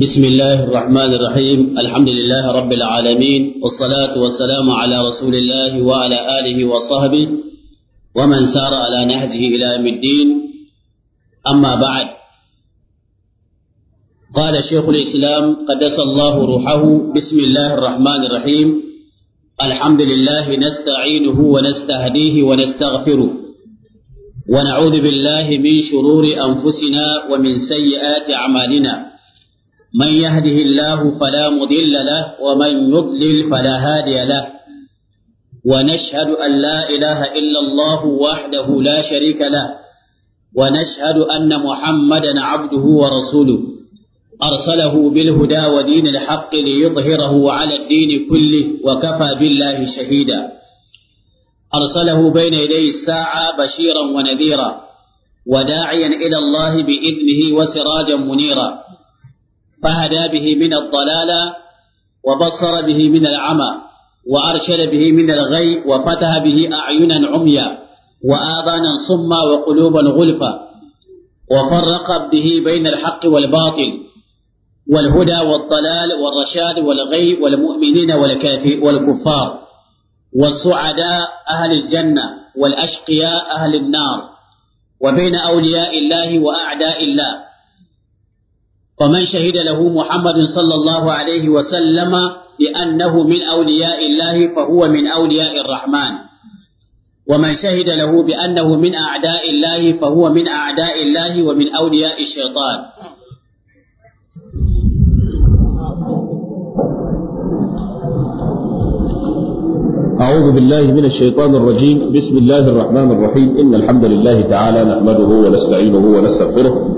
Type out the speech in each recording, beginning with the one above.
بسم الله الرحمن الرحيم الحمد لله رب العالمين والصلاة والسلام على رسول الله وعلى آله وصحبه ومن سار على نهجه إلى يوم الدين أما بعد قال شيخ الإسلام قدس الله روحه بسم الله الرحمن الرحيم الحمد لله نستعينه ونستهديه ونستغفره ونعوذ بالله من شرور أنفسنا ومن سيئات أعمالنا من يهده الله فلا مضل له ومن يضلل فلا هادي له ونشهد أن لا إله إلا الله وحده لا شريك له ونشهد أن محمدا عبده ورسوله أرسله بالهدى ودين الحق ليظهره على الدين كله وكفى بالله شهيدا أرسله بين يدي الساعة بشيرا ونذيرا وداعيا إلى الله بإذنه وسراجا منيرا فهدى به من الضلال وبصر به من العمى وأرشد به من الغي وفتح به أعينا عميا وآذانا صما وقلوبا غلفا وفرق به بين الحق والباطل والهدى والضلال والرشاد والغي والمؤمنين والكفار والسعداء أهل الجنة والأشقياء أهل النار وبين أولياء الله وأعداء الله ومن شهد له محمد صلى الله عليه وسلم بأنه من أولياء الله فهو من أولياء الرحمن ومن شهد له بأنه من أعداء الله فهو من أعداء الله ومن أولياء الشيطان أعوذ بالله من الشيطان الرجيم بسم الله الرحمن الرحيم إن الحمد لله تعالى نحمده ونستعينه ونستغفره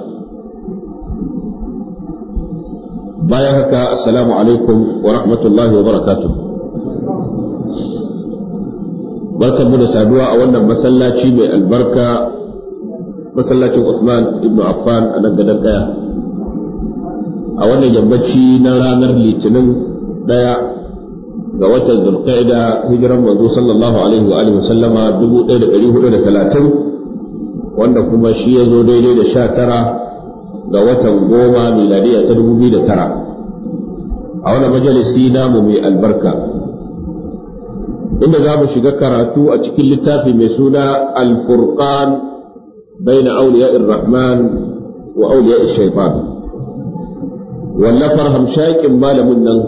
bayan haka assalamu alaikum wa rahmatullahi wa barakatuh barkanmu da saduwa a wannan masallaci mai albarka masallacin Usman ibn Affan a nan gadon daya a wannan yammaci na ranar litinin daya ga watan zulqa'ida hijiran manzo sallallahu alaihi wa alihi sallama 1430 wanda kuma shi ya zo daidai da 19 ga watan goma miladiya ta dubu biyu da tara a wani majalisi namu mai albarka inda za mu shiga karatu a cikin littafi mai suna alfurkan alfurqan auliya irrahman wa auliya الشيطان wallafar همشاك malamin nan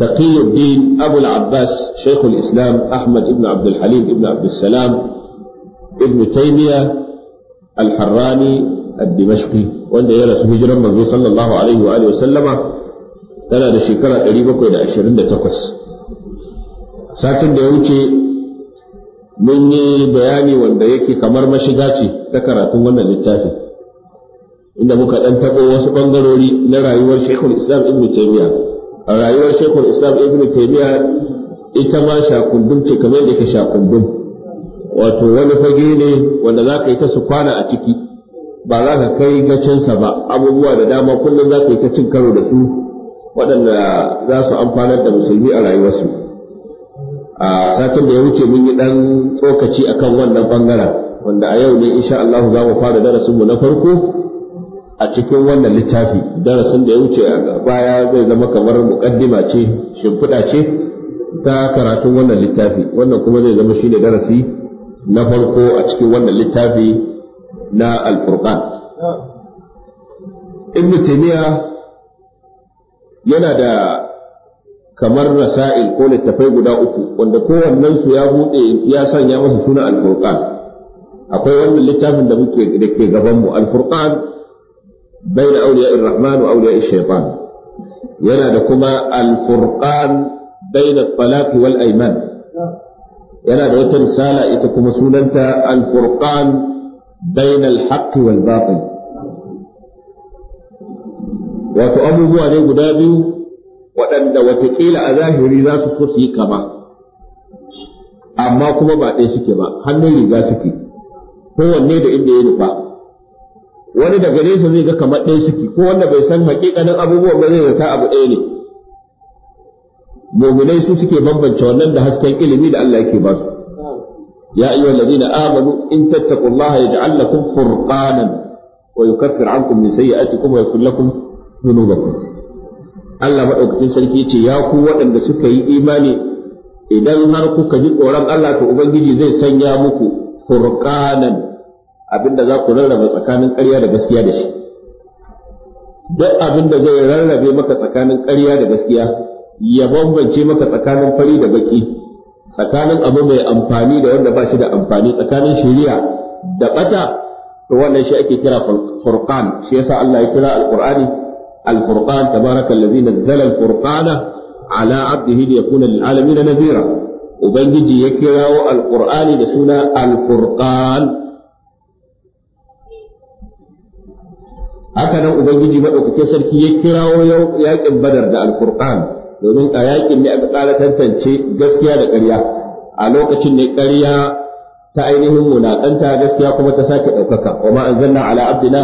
تقي الدين أبو العباس شيخ الإسلام أحمد بن عبد الحليم بن عبد السلام ابن تيمية الحراني ad-Dimashqi wanda ya rasu hijiran manzo sallallahu alaihi wa alihi sallama tana da shekara 728 satin da ya wuce mun yi bayani wanda yake kamar mashiga ce ta karatun wannan littafi inda muka dan tabo wasu bangarori na rayuwar Sheikhul Islam Ibn Taymiyyah a rayuwar Sheikhul Islam Ibn Taymiyyah ita ma shakundun ce kamar yadda ke shakundun. wato wani fage ne wanda za ka yi ta su kwana a ciki ba za ka kai gacinsa ba abubuwa da dama kullum za ka yi ta cin karo da su waɗanda za su amfanar da musulmi a rayuwarsu a satin da ya wuce mun yi ɗan tsokaci akan wannan ɓangaren wanda a yau ne insha Allah za mu fara darasinmu na farko a cikin wannan littafi darasin da ya wuce a baya zai zama kamar muƙaddima ce shimfiɗa ce ta karatun wannan littafi wannan kuma zai zama shine darasi na farko a cikin wannan littafi na alfurqan ibn taymiya yana da kamar rasa'il ko littafai guda uku wanda kowannen su ya bude ya sanya masa sunan alfurqan akwai wannan littafin da muke da ke gaban mu alfurqan bayna awliya'ir rahman wa awliya'ish shaytan yana da kuma alfurqan bayna talaqi wal ayman yana da wata risala ita kuma sunanta alfurqan بين الحق والباطل wal batil wato abubuwa ne guda biyu waɗanda watakila a zahiri za su so su yi kama amma kuma ba ɗaya suke ba hannun riga suke kowanne da inda ya nufa wani daga nesa zai ga kamar ɗaya suke ko wanda bai san hakikanin abubuwan ba zai zata abu ɗaya ne muminai su suke bambance wannan da hasken ilimi da Allah yake ba su يا أيها الذين آمنوا إن تتقوا الله يجعل لكم فرقانا ويكفر عنكم من سيئاتكم ويغفر لكم ذنوبكم Allah maɗaukakin sarki ce ya ku waɗanda suka yi imani idan har kuka ji tsoron Allah to Ubangiji zai sanya muku furqanan abinda za ku rarrabe tsakanin ƙarya da gaskiya da shi duk abinda zai rarrabe maka tsakanin ƙarya da gaskiya ya bambance maka tsakanin fari da baki tsakanin abu mai amfani da wanda ba shi da amfani tsakanin shari'a da bata to wannan shi ake kira furqan shi yasa Allah ya kira alqur'ani alfurqan tabarakallazi nazzala alfurqana ala abdihi liyakuna lil alamin nadhira ubangiji ya kirawo alqur'ani da suna alfurqan haka nan ubangiji madaukakin sarki ya kirawo yaƙin badar da alfurqan domin a yakin ne aka tsara tantance gaskiya da ƙarya a lokacin ne ƙarya ta ainihin wulaƙanta gaskiya kuma ta sake ɗaukaka wa ma zanna ala abdina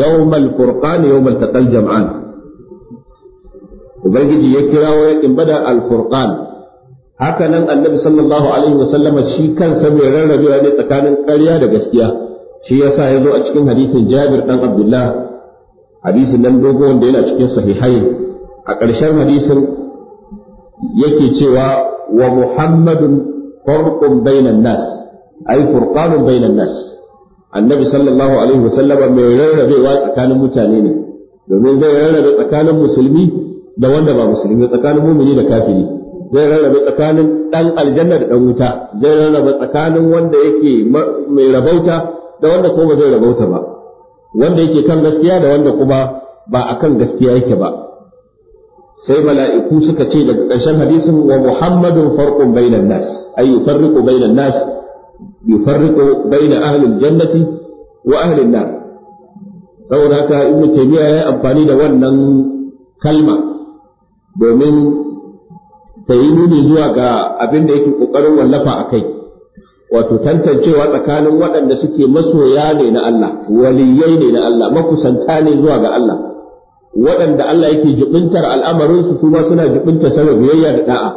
yawmal furqan yawmal taqal jam'an ubangiji ya kirawo yakin bada al furqan haka nan annabi sallallahu alaihi wa sallama shi kansa mai rarrabewa ne tsakanin ƙarya da gaskiya shi yasa ya zo a cikin hadisin Jabir dan Abdullah hadisin nan dogo wanda yana cikin sahihain a ƙarshen hadisin yake cewa wa muhammadun farqun bainan nas ay furqanun bainan nas annabi sallallahu alaihi wasallama mai rarrabewa tsakanin mutane ne domin zai rarrabe tsakanin musulmi da wanda ba musulmi tsakanin mumini da kafiri zai rarrabe tsakanin dan aljanna da dan wuta zai rarrabe tsakanin wanda yake mai rabauta da wanda kuma zai rabauta ba wanda yake kan gaskiya da wanda kuma ba akan gaskiya yake ba sai mala'iku suka ce daga ƙarshen hadisin wa muhammadun farqun bainan nas ay yufarriqu bainan nas yufarriqu baina ahli jannati wa ahli nar saboda haka ibnu taymiya ya amfani da wannan kalma domin ta yi nuni zuwa ga abin da yake kokarin wallafa a kai wato tantancewa tsakanin waɗanda suke masoya ne na Allah waliyai ne na Allah makusanta ne zuwa ga Allah waɗanda Allah yake jibintar al'amarinsu su ma suna jibinta sanar biyayya da da'a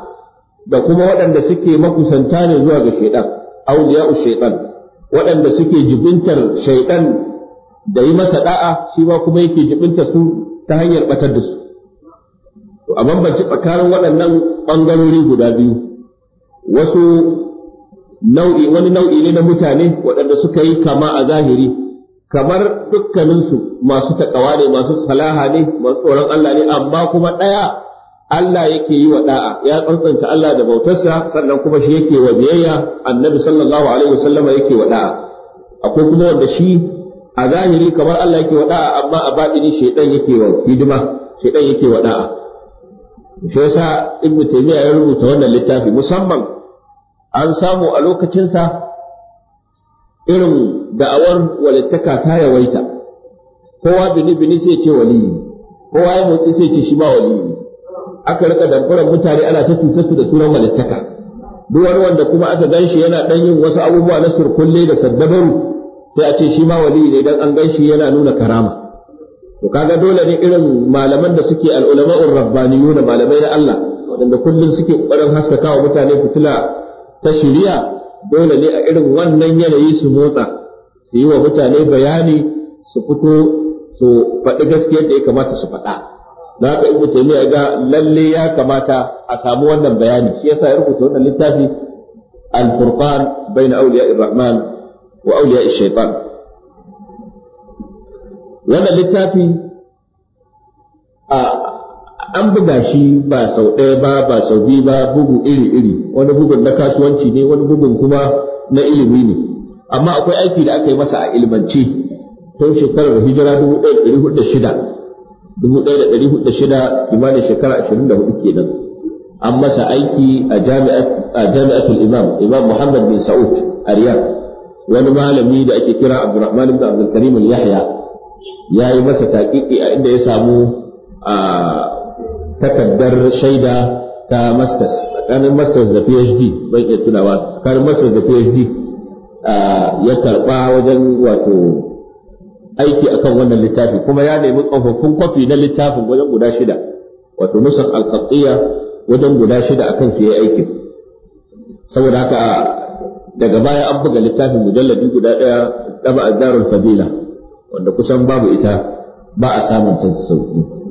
da kuma waɗanda suke makusanta ne zuwa ga shaidan auliya'u shaiɗan. waɗanda suke jibintar shaiɗan da yi masa da'a shi ma kuma yake jibinta su ta hanyar batar da su a bambanci tsakanin waɗannan ɓangarori guda biyu wasu nau'i wani nau'i ne na mutane waɗanda suka yi kama a zahiri kamar dukkaninsu masu takawa ne masu salaha ne masu tsoron Allah ne amma kuma ɗaya Allah yake yi wa da'a ya tsantsanta Allah da bautarsa sannan kuma shi yake wa biyayya annabi sallallahu alaihi wasallama yake wa da'a akwai kuma wanda shi a zahiri kamar Allah yake wa da'a amma a batini shaytan yake wa hidima shaytan yake wa da'a shi yasa ibnu taymiya ya rubuta wannan littafi musamman an samu a lokacin sa irin da'awar walittaka ta yawaita kowa bini bini sai ce waliyi kowa ya motsi sai ce shi ba waliyi aka rika damfarar mutane ana ta cutar su da sunan walittaka duk wani wanda kuma aka gan shi yana dan yin wasu abubuwa na surkulle da saddabaru sai a ce shi ma waliyi ne dan an shi yana nuna karama to kaga dole ne irin malaman da suke al'ulama'ur da malamai na Allah wanda kullum suke ƙoƙarin haskaka wa mutane fitila ta shiriya dole ne a irin wannan yanayi su motsa su yi wa mutane bayani su fito su faɗi gaskiyar da ya kamata su faɗa Na haka ibnu taymiya ga lalle ya kamata a samu wannan bayani shi yasa ya rubuta wannan littafi al-furqan bayna awliya rahman wa awliya shaytan wannan littafi a an buga shi ba sau ɗaya ba ba sau biyu ba bugu iri-iri wani bugun na kasuwanci ne wani bugun kuma na ilimi ne amma akwai aiki da aka yi masa a ilmance tun shekarar hijira 1406 kimanin shekara 24 kenan an masa aiki a jami'atul imam imam muhammad bin sa'ud a riyad wani malami da ake kira abdulrahman bin Abdulkarim al-yahya ya yi masa taƙiƙi a inda ya samu a takaddar shaida ta masters tsakanin masters da phd ban iya tunawa tsakanin masters da phd ya karba wajen wato aiki akan wannan littafi kuma ya nemi tsofaffin kwafi na littafin wajen guda shida wato nusan alkhattiya wajen guda shida akan fiye aikin saboda haka daga baya an buga littafin mujalladi guda ɗaya, daba a darul fadila wanda kusan babu ita ba a samun ta sauki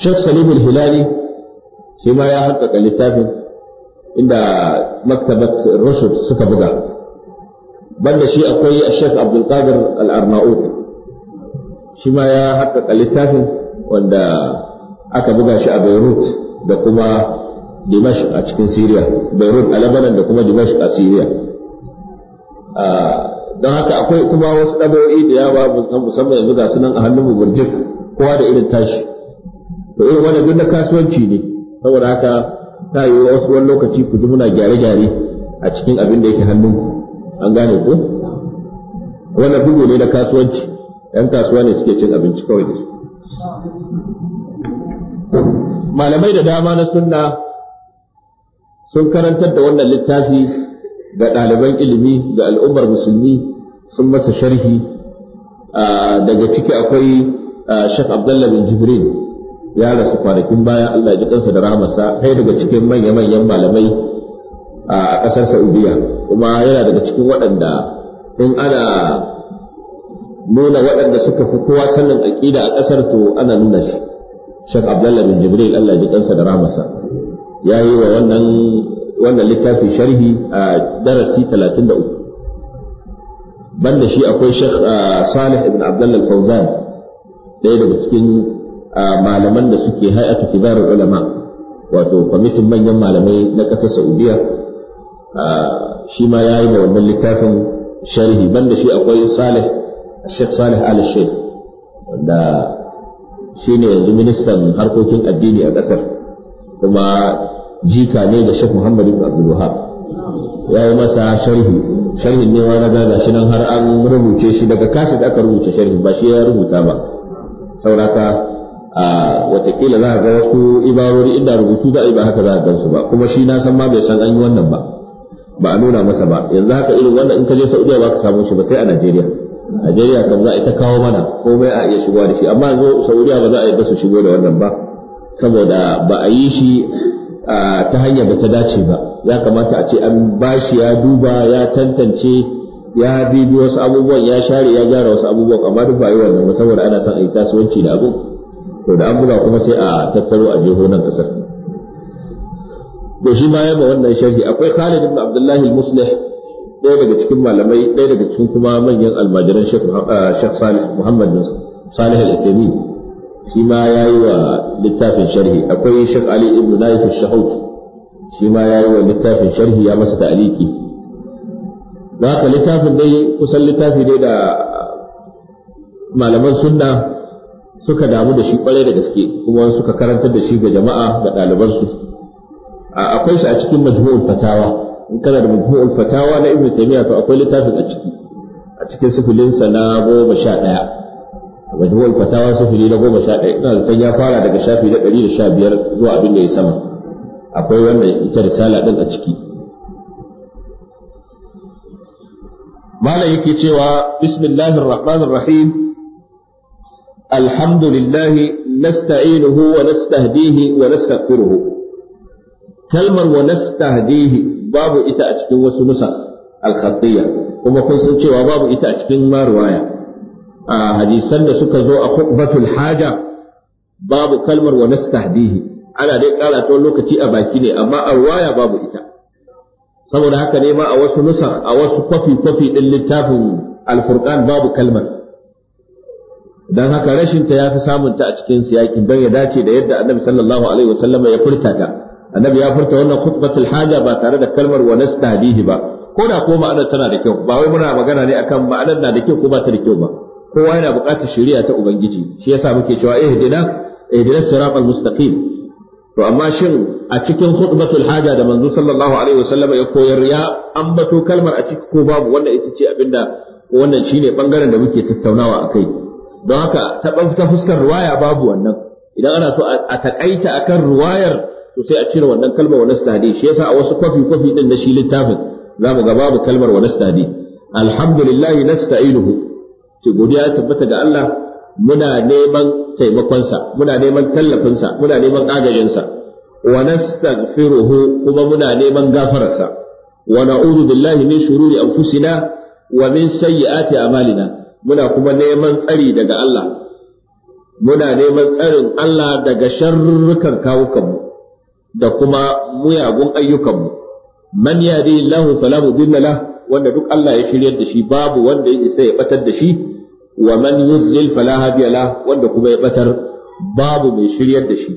Sheikh Salim al-Hilali shi ma ya haƙaƙa littafin inda maktabat Rashid suka buga banda shi akwai Sheikh Abdul Qadir al-Arnaud shi ma ya haƙaƙa littafin wanda aka buga shi a Beirut da kuma Dimash a cikin Syria Beirut a Lebanon da kuma Dimash a Syria don haka akwai kuma wasu ɗabi'o'i da ya yawa musamman yanzu ga sunan a hannun burjik kowa da irin tashi to irin wannan duk na kasuwanci ne saboda haka ta yi wasu wani lokaci ku ji muna gyare-gyare a cikin abin da yake hannunku an gane ko wannan bugu ne na kasuwanci yan kasuwa ne suke cin abinci kawai da su malamai da dama na sunna sun karantar da wannan littafi ga ɗaliban ilimi ga al'ummar musulmi sun masa sharhi ah, daga ciki akwai ah, shek abdullah bin jibril ya rasu kwanakin baya Allah ji kansa da rahamarsa ɗaya daga cikin manya-manyan malamai a ƙasar Saudiya kuma yana daga cikin waɗanda in ana nuna waɗanda suka fi kowa sannan aƙida a ƙasar to ana nuna shi Sheikh Abdullah bin Jibril Allah ji kansa da rahamarsa ya yi wa wannan wannan littafin sharhi a darasi 33 banda shi akwai Sheikh Salih ibn Abdullah al-Fawzan ɗaya daga cikin A malaman da suke hay'atu kibarul ulama wato kwamitin manyan malamai na ƙasar Saudiya shi ma yayi da wannan littafin sharhi banda shi akwai Salih Sheikh Salih Al Sheikh wanda shine yanzu ministan harkokin addini a ƙasar kuma jika ne da Sheikh Muhammad ibn Abdul Wahab yayi masa sharhi sharhin ne na ga shi nan har an rubuce shi daga da aka rubuce sharhi ba shi ya rubuta ba sauraka a watakila za a ga wasu ibarori inda rubutu za a yi ba haka za a gansu ba kuma shi na san ma bai san an yi wannan ba ba a nuna masa ba yanzu haka irin wannan in ka je saudiya ba ka samu shi ba sai a najeriya najeriya kan za a ta kawo mana komai a iya shigowa da shi amma yanzu saudiya ba za a yi su shigo da wannan ba saboda ba a yi shi ta hanyar da ta dace ba ya kamata a ce an bashi ya duba ya tantance ya bibi wasu abubuwan ya share ya gyara wasu abubuwan amma duk ba yi wannan ba saboda ana son a yi kasuwanci da abu. to da an buga kuma sai a tattaro a jihonan kasar to shi ma yaba wannan sharhi akwai Khalid ibn Abdullah al-Muslih ɗaya daga cikin malamai ɗaya daga cikin kuma manyan almajiran Sheikh ah, Salih Muhammad bin Salih al-Uthaymeen shi ma yayi wa littafin sharhi akwai Sheikh Ali ibn Naif al-Shahut shi ma yayi wa littafin sharhi ya masa ta'aliki da haka littafin dai kusan littafi dai da malaman sunna suka damu da shi kwarai da gaske kuma suka karantar da shi ga jama'a da ɗalibansu akwai shi a cikin majmu'ul fatawa in kana da majmu'ul fatawa na ibnu taymiya to akwai littafin a ciki a cikin sifilinsa na goma sha ɗaya majmu'ul fatawa sifili na goma sha ɗaya ina zaton ya fara daga shafi na ɗari da sha biyar zuwa abin da ya sama akwai wannan ita risala ɗin a ciki malam yake cewa bismillahir rahmanir rahim الحمد لله نستعينه ونستهديه ونستغفره كلمة ونستهديه باب إتأتك وسنسا الخطية وما كنت باب إتأتك ما رواية آه حديثا سكزو خطبة الحاجة باب كلمة ونستهديه ana dai kara ta wani lokaci a baki ne amma a ruwaya babu ita saboda haka ne ma a wasu nusa a wasu kwafi kwafi din littafin alfurqan babu kalmar dan haka rashin ta yafi samun ta a cikin siyakin dan ya dace da yadda annabi sallallahu alaihi wasallama ya furta ta annabi ya furta wannan khutbatul haja ba tare da kalmar wa nastahdihi ba ko da ko ma'anar tana da kyau ba wai muna magana ne akan ma'anar na da kyau ko ba ta da kyau ba kowa yana buƙatar shari'a ta ubangiji shi yasa muke cewa ihdina ihdina siratal mustaqim to amma shin a cikin khutbatul haja da manzo sallallahu alaihi wasallama ya koyar ya ambato kalmar a ciki ko babu wannan ita ce abinda wannan shine bangaren da muke tattaunawa akai don haka ta fuskar ruwaya babu wannan idan ana so a takaita akan ruwayar to sai a cire wannan kalmar wa nastadi shi yasa a wasu kwafi kwafi din na shi littafin za mu ga babu kalmar wa nastadi alhamdulillah nasta'inuhu ce godiya tabbata ga Allah muna neman taimakonsa muna neman tallafinsa muna neman agajinsa wa nastaghfiruhu kuma muna neman gafararsa wa na'udhu billahi min shururi anfusina wa min sayyiati a'malina muna kuma neman tsari daga Allah muna neman tsarin Allah daga sharrukan kawukanmu da kuma muyagun ayyukanmu man yadi lahu fala mudilla lah wanda duk Allah ya shiryar da shi babu wanda ya isa ya batar da shi wa man yudlil fala hadiya lah wanda kuma ya batar babu mai shiryar da shi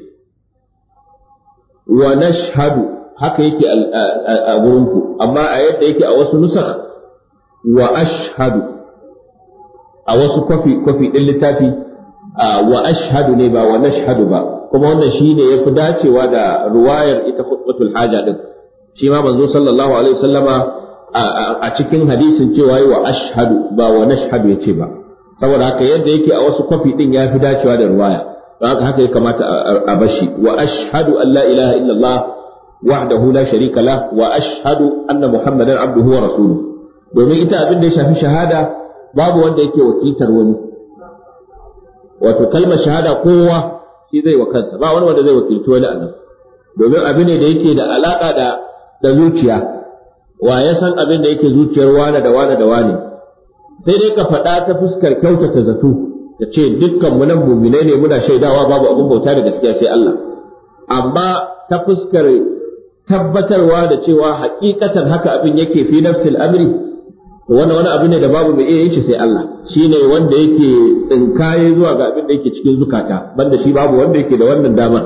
wa nashhadu haka yake a gurinku amma a yadda yake a wasu nusakh wa ashhadu a wasu kwafi kwafi din littafi wa ashhadu ne ba wa nashhadu ba kuma wannan ya yafi dacewa da ruwayar ita khutbatul haja din shi ma manzo sallallahu alaihi wasallama a cikin hadisin cewa yi wa ashhadu ba wa nashhadu yace ba saboda haka yadda yake a wasu kwafi din fi dacewa da ruwaya don haka haka ya kamata a bashi wa ashhadu an la ilaha illallah wahdahu la sharika lah wa ashhadu anna muhammadan abduhu wa rasuluhu domin ita abin da ya shafi shahada babu wanda yake wakiltar wani wato kalmar shahada kowa shi zai wa kansa ba wani wanda zai wakilci wani a nan domin abu ne da yake da alaka da zuciya wa ya san abin da yake zuciyar wane da wane da wane sai dai ka faɗa ta fuskar kyautata zato da ce dukkan mu nan mu'minai ne muna shaidawa babu abin bauta da gaskiya sai Allah amma ta fuskar tabbatarwa da cewa hakikatan haka abin yake fi nafsil amri wannan wani abu ne da babu mai iya yin shi sai Allah Shi ne wanda yake tsinkaye zuwa ga abin da yake cikin zukata banda shi babu wanda yake da wannan damar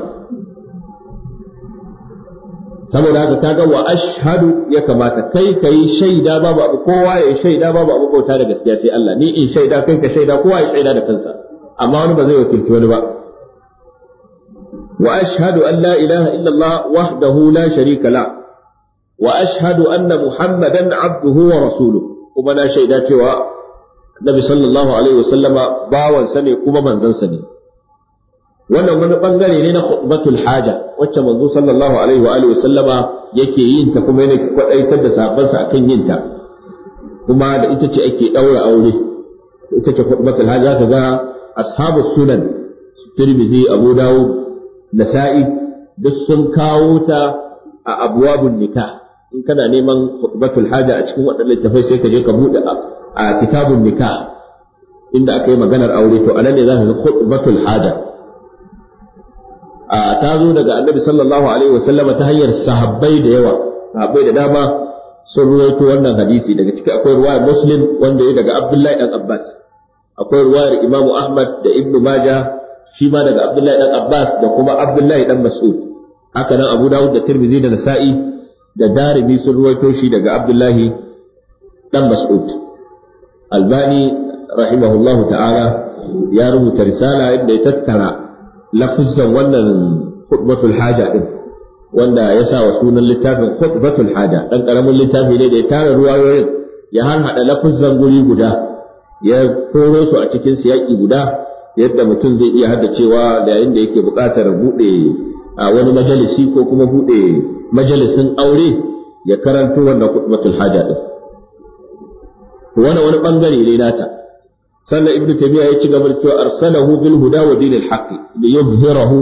saboda haka ta ga wa ashhadu ya kamata kai kai shaida babu abu kowa ya shaida babu abu bauta da gaskiya sai Allah ni in shaida kai ka shaida kowa ya shaida da kansa amma wani ba zai wakilci wani ba wa ashhadu an la ilaha illallah wahdahu la sharika la wa ashhadu anna muhammadan abduhu wa rasuluhu kuma na shaida cewa Nabi sallallahu alaihi wasallama bawansa ne kuma manzansa ne wannan wani bangare ne na khutbatul haja wacce manzo sallallahu alaihi wa alihi wasallama yake yin ta kuma yana kwadaitar da sahabbansa akan yin ta kuma da ita ce ake daura aure ita ce khutbatul haja ka ga ashabu sunan tirmidhi abu dawud nasa'i duk sun kawo ta a abwabun nikah in kana neman khutbatul haja a cikin waɗannan littafai sai ka je ka buɗe a kitabun nikah inda aka yi maganar aure to anan ne za ka ga khutbatul haja a ta zo daga annabi sallallahu alaihi wasallama ta hanyar sahabbai da yawa sahabbai da dama sun ruwaito wannan hadisi daga ciki akwai ruwayar muslim wanda ya daga abdullahi dan abbas akwai ruwayar imamu ahmad da ibnu majah shi ma daga abdullahi dan abbas da kuma abdullahi dan mas'ud haka nan abu dawud da tirmidhi da nasa'i da darimi sun ruwaito shi daga abdullahi dan mas'ud albani rahimahullahu ta'ala ya rubuta risala inda ya tattara lafazan wannan khutbatul haja din wanda ya sa wa sunan littafin khutbatul haja dan karamin littafi ne da ya tara ruwayoyin ya harhaɗa lafazan guri guda ya koro su a cikin siyaki guda yadda mutum zai iya hada cewa da yayin da yake buƙatar buɗe a wani majalisi ko kuma buɗe majalisin aure ya karanto wannan khutbatul haja din wannan wani bangare ne nata sannan ibnu taymiya ya ci gaba da cewa arsalahu bil huda wa dinil haqqi li yuzhirahu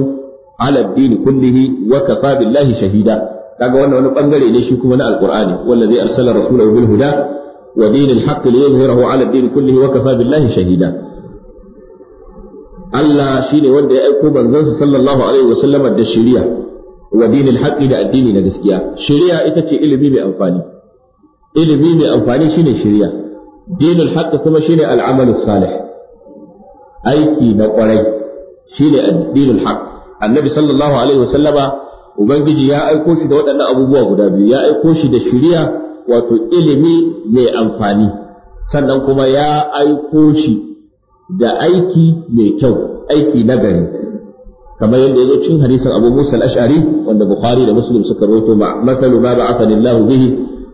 ala ad-din kullihi wa kafa billahi shahida kaga wannan wani bangare ne shi kuma na alqur'ani wallazi arsala rasulahu bil huda wa dinil haqqi li yuzhirahu ala ad-din kullihi wa kafa billahi shahida Allah shine wanda ya aiko manzansa sallallahu alaihi wa sallama da shari'a wa dinil haqqi da addini na gaskiya shari'a ita ce ilimi mai amfani ilimi mai amfani shine shari'a dinul haqqi kuma shine al'amalu salih aiki na kwarai shine addinul haqq annabi sallallahu ubangiji ya aiko shi da waɗannan abubuwa guda biyu ya aiko shi da shari'a wato ilimi mai amfani sannan kuma ya aiko shi da aiki mai kyau aiki na gari. kamar yadda yazo cikin hadisin Abu Musa al-Ash'ari wanda Bukhari da Muslim suka rawaito ma masalu ma ba'athani Allah bihi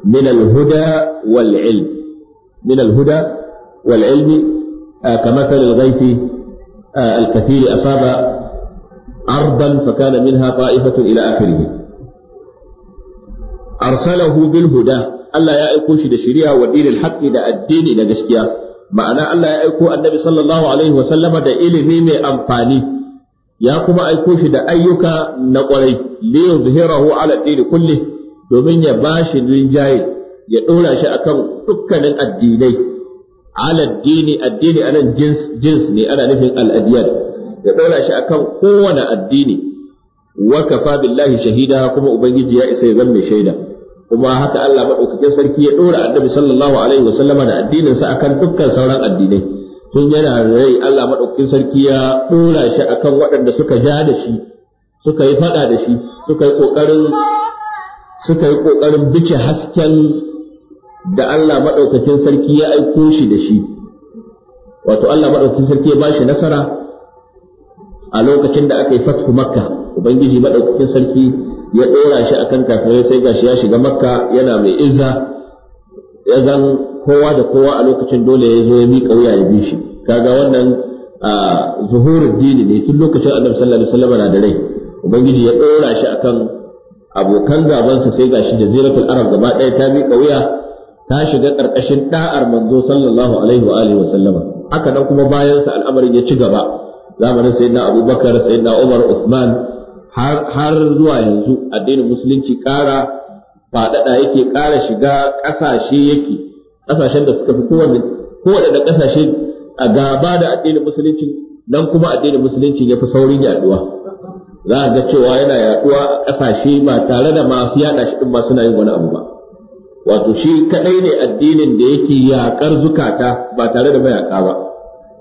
min al-huda wal ilm min al-huda wal ilm كمثل الغيث الكثير أصاب أرضا فكان منها طائفة إلى آخره أرسله بالهدى Allah ya aiko shi da shari'a wa dinil haqqi da addini da gaskiya ma'ana Allah ya aiko annabi sallallahu da ilimi mai amfani ya kuma aiko shi da ayyuka na kwarai li yuzhirahu ala dini kulli domin ya bashi rinjaye ya ɗora shi akan dukkanin addinai ala dini addini anan jins jins ne ana nufin al ya ɗora shi akan kowane addini wa kafa billahi shahida kuma ubangiji ya isa ya zama shaida kuma haka Allah madaukakin sarki ya ɗora annabi sallallahu alaihi sallama da addinin sa akan dukkan sauran addinai tun yana rai Allah maɗaukin sarki ya ɗora shi a kan waɗanda suka ja da shi suka yi faɗa da shi suka yi ƙoƙarin suka yi bice hasken da Allah maɗaukakin sarki ya aiko shi da shi wato Allah maɗaukakin sarki ya ba shi nasara a lokacin da aka yi fatku makka ubangiji maɗaukakin sarki ya ɗora shi a kan kafirai sai gashi ya shiga makka yana mai izza ya zan kowa da kowa a lokacin dole ya zo ya miƙa wuya ya bi shi kaga wannan zuhurin dini ne tun lokacin annabi sallallahu alaihi wasallam da rai ubangiji ya ɗora shi akan abokan gabansa sai gashi da ziratul arab gaba ɗaya ta miƙa wuya ta shiga ƙarƙashin da'ar manzo sallallahu alaihi wa alihi wasallama haka nan kuma bayan sa al'amarin ya ci gaba zamanin sayyidina abubakar sayyidina umar usman har zuwa yanzu addinin musulunci ƙara faɗaɗa yake ƙara shiga ƙasashe yake ƙasashen da suka fi kowanne kowanne ƙasashe a gaba da addinin musulunci nan kuma addinin musulunci ya fi saurin yaduwa za a ga cewa yana yaduwa a ƙasashe ba tare da masu yaɗa shi ɗin ba suna yin wani abu ba wato shi kaɗai ne addinin da yake yaƙar zukata ba tare da mayaƙa ba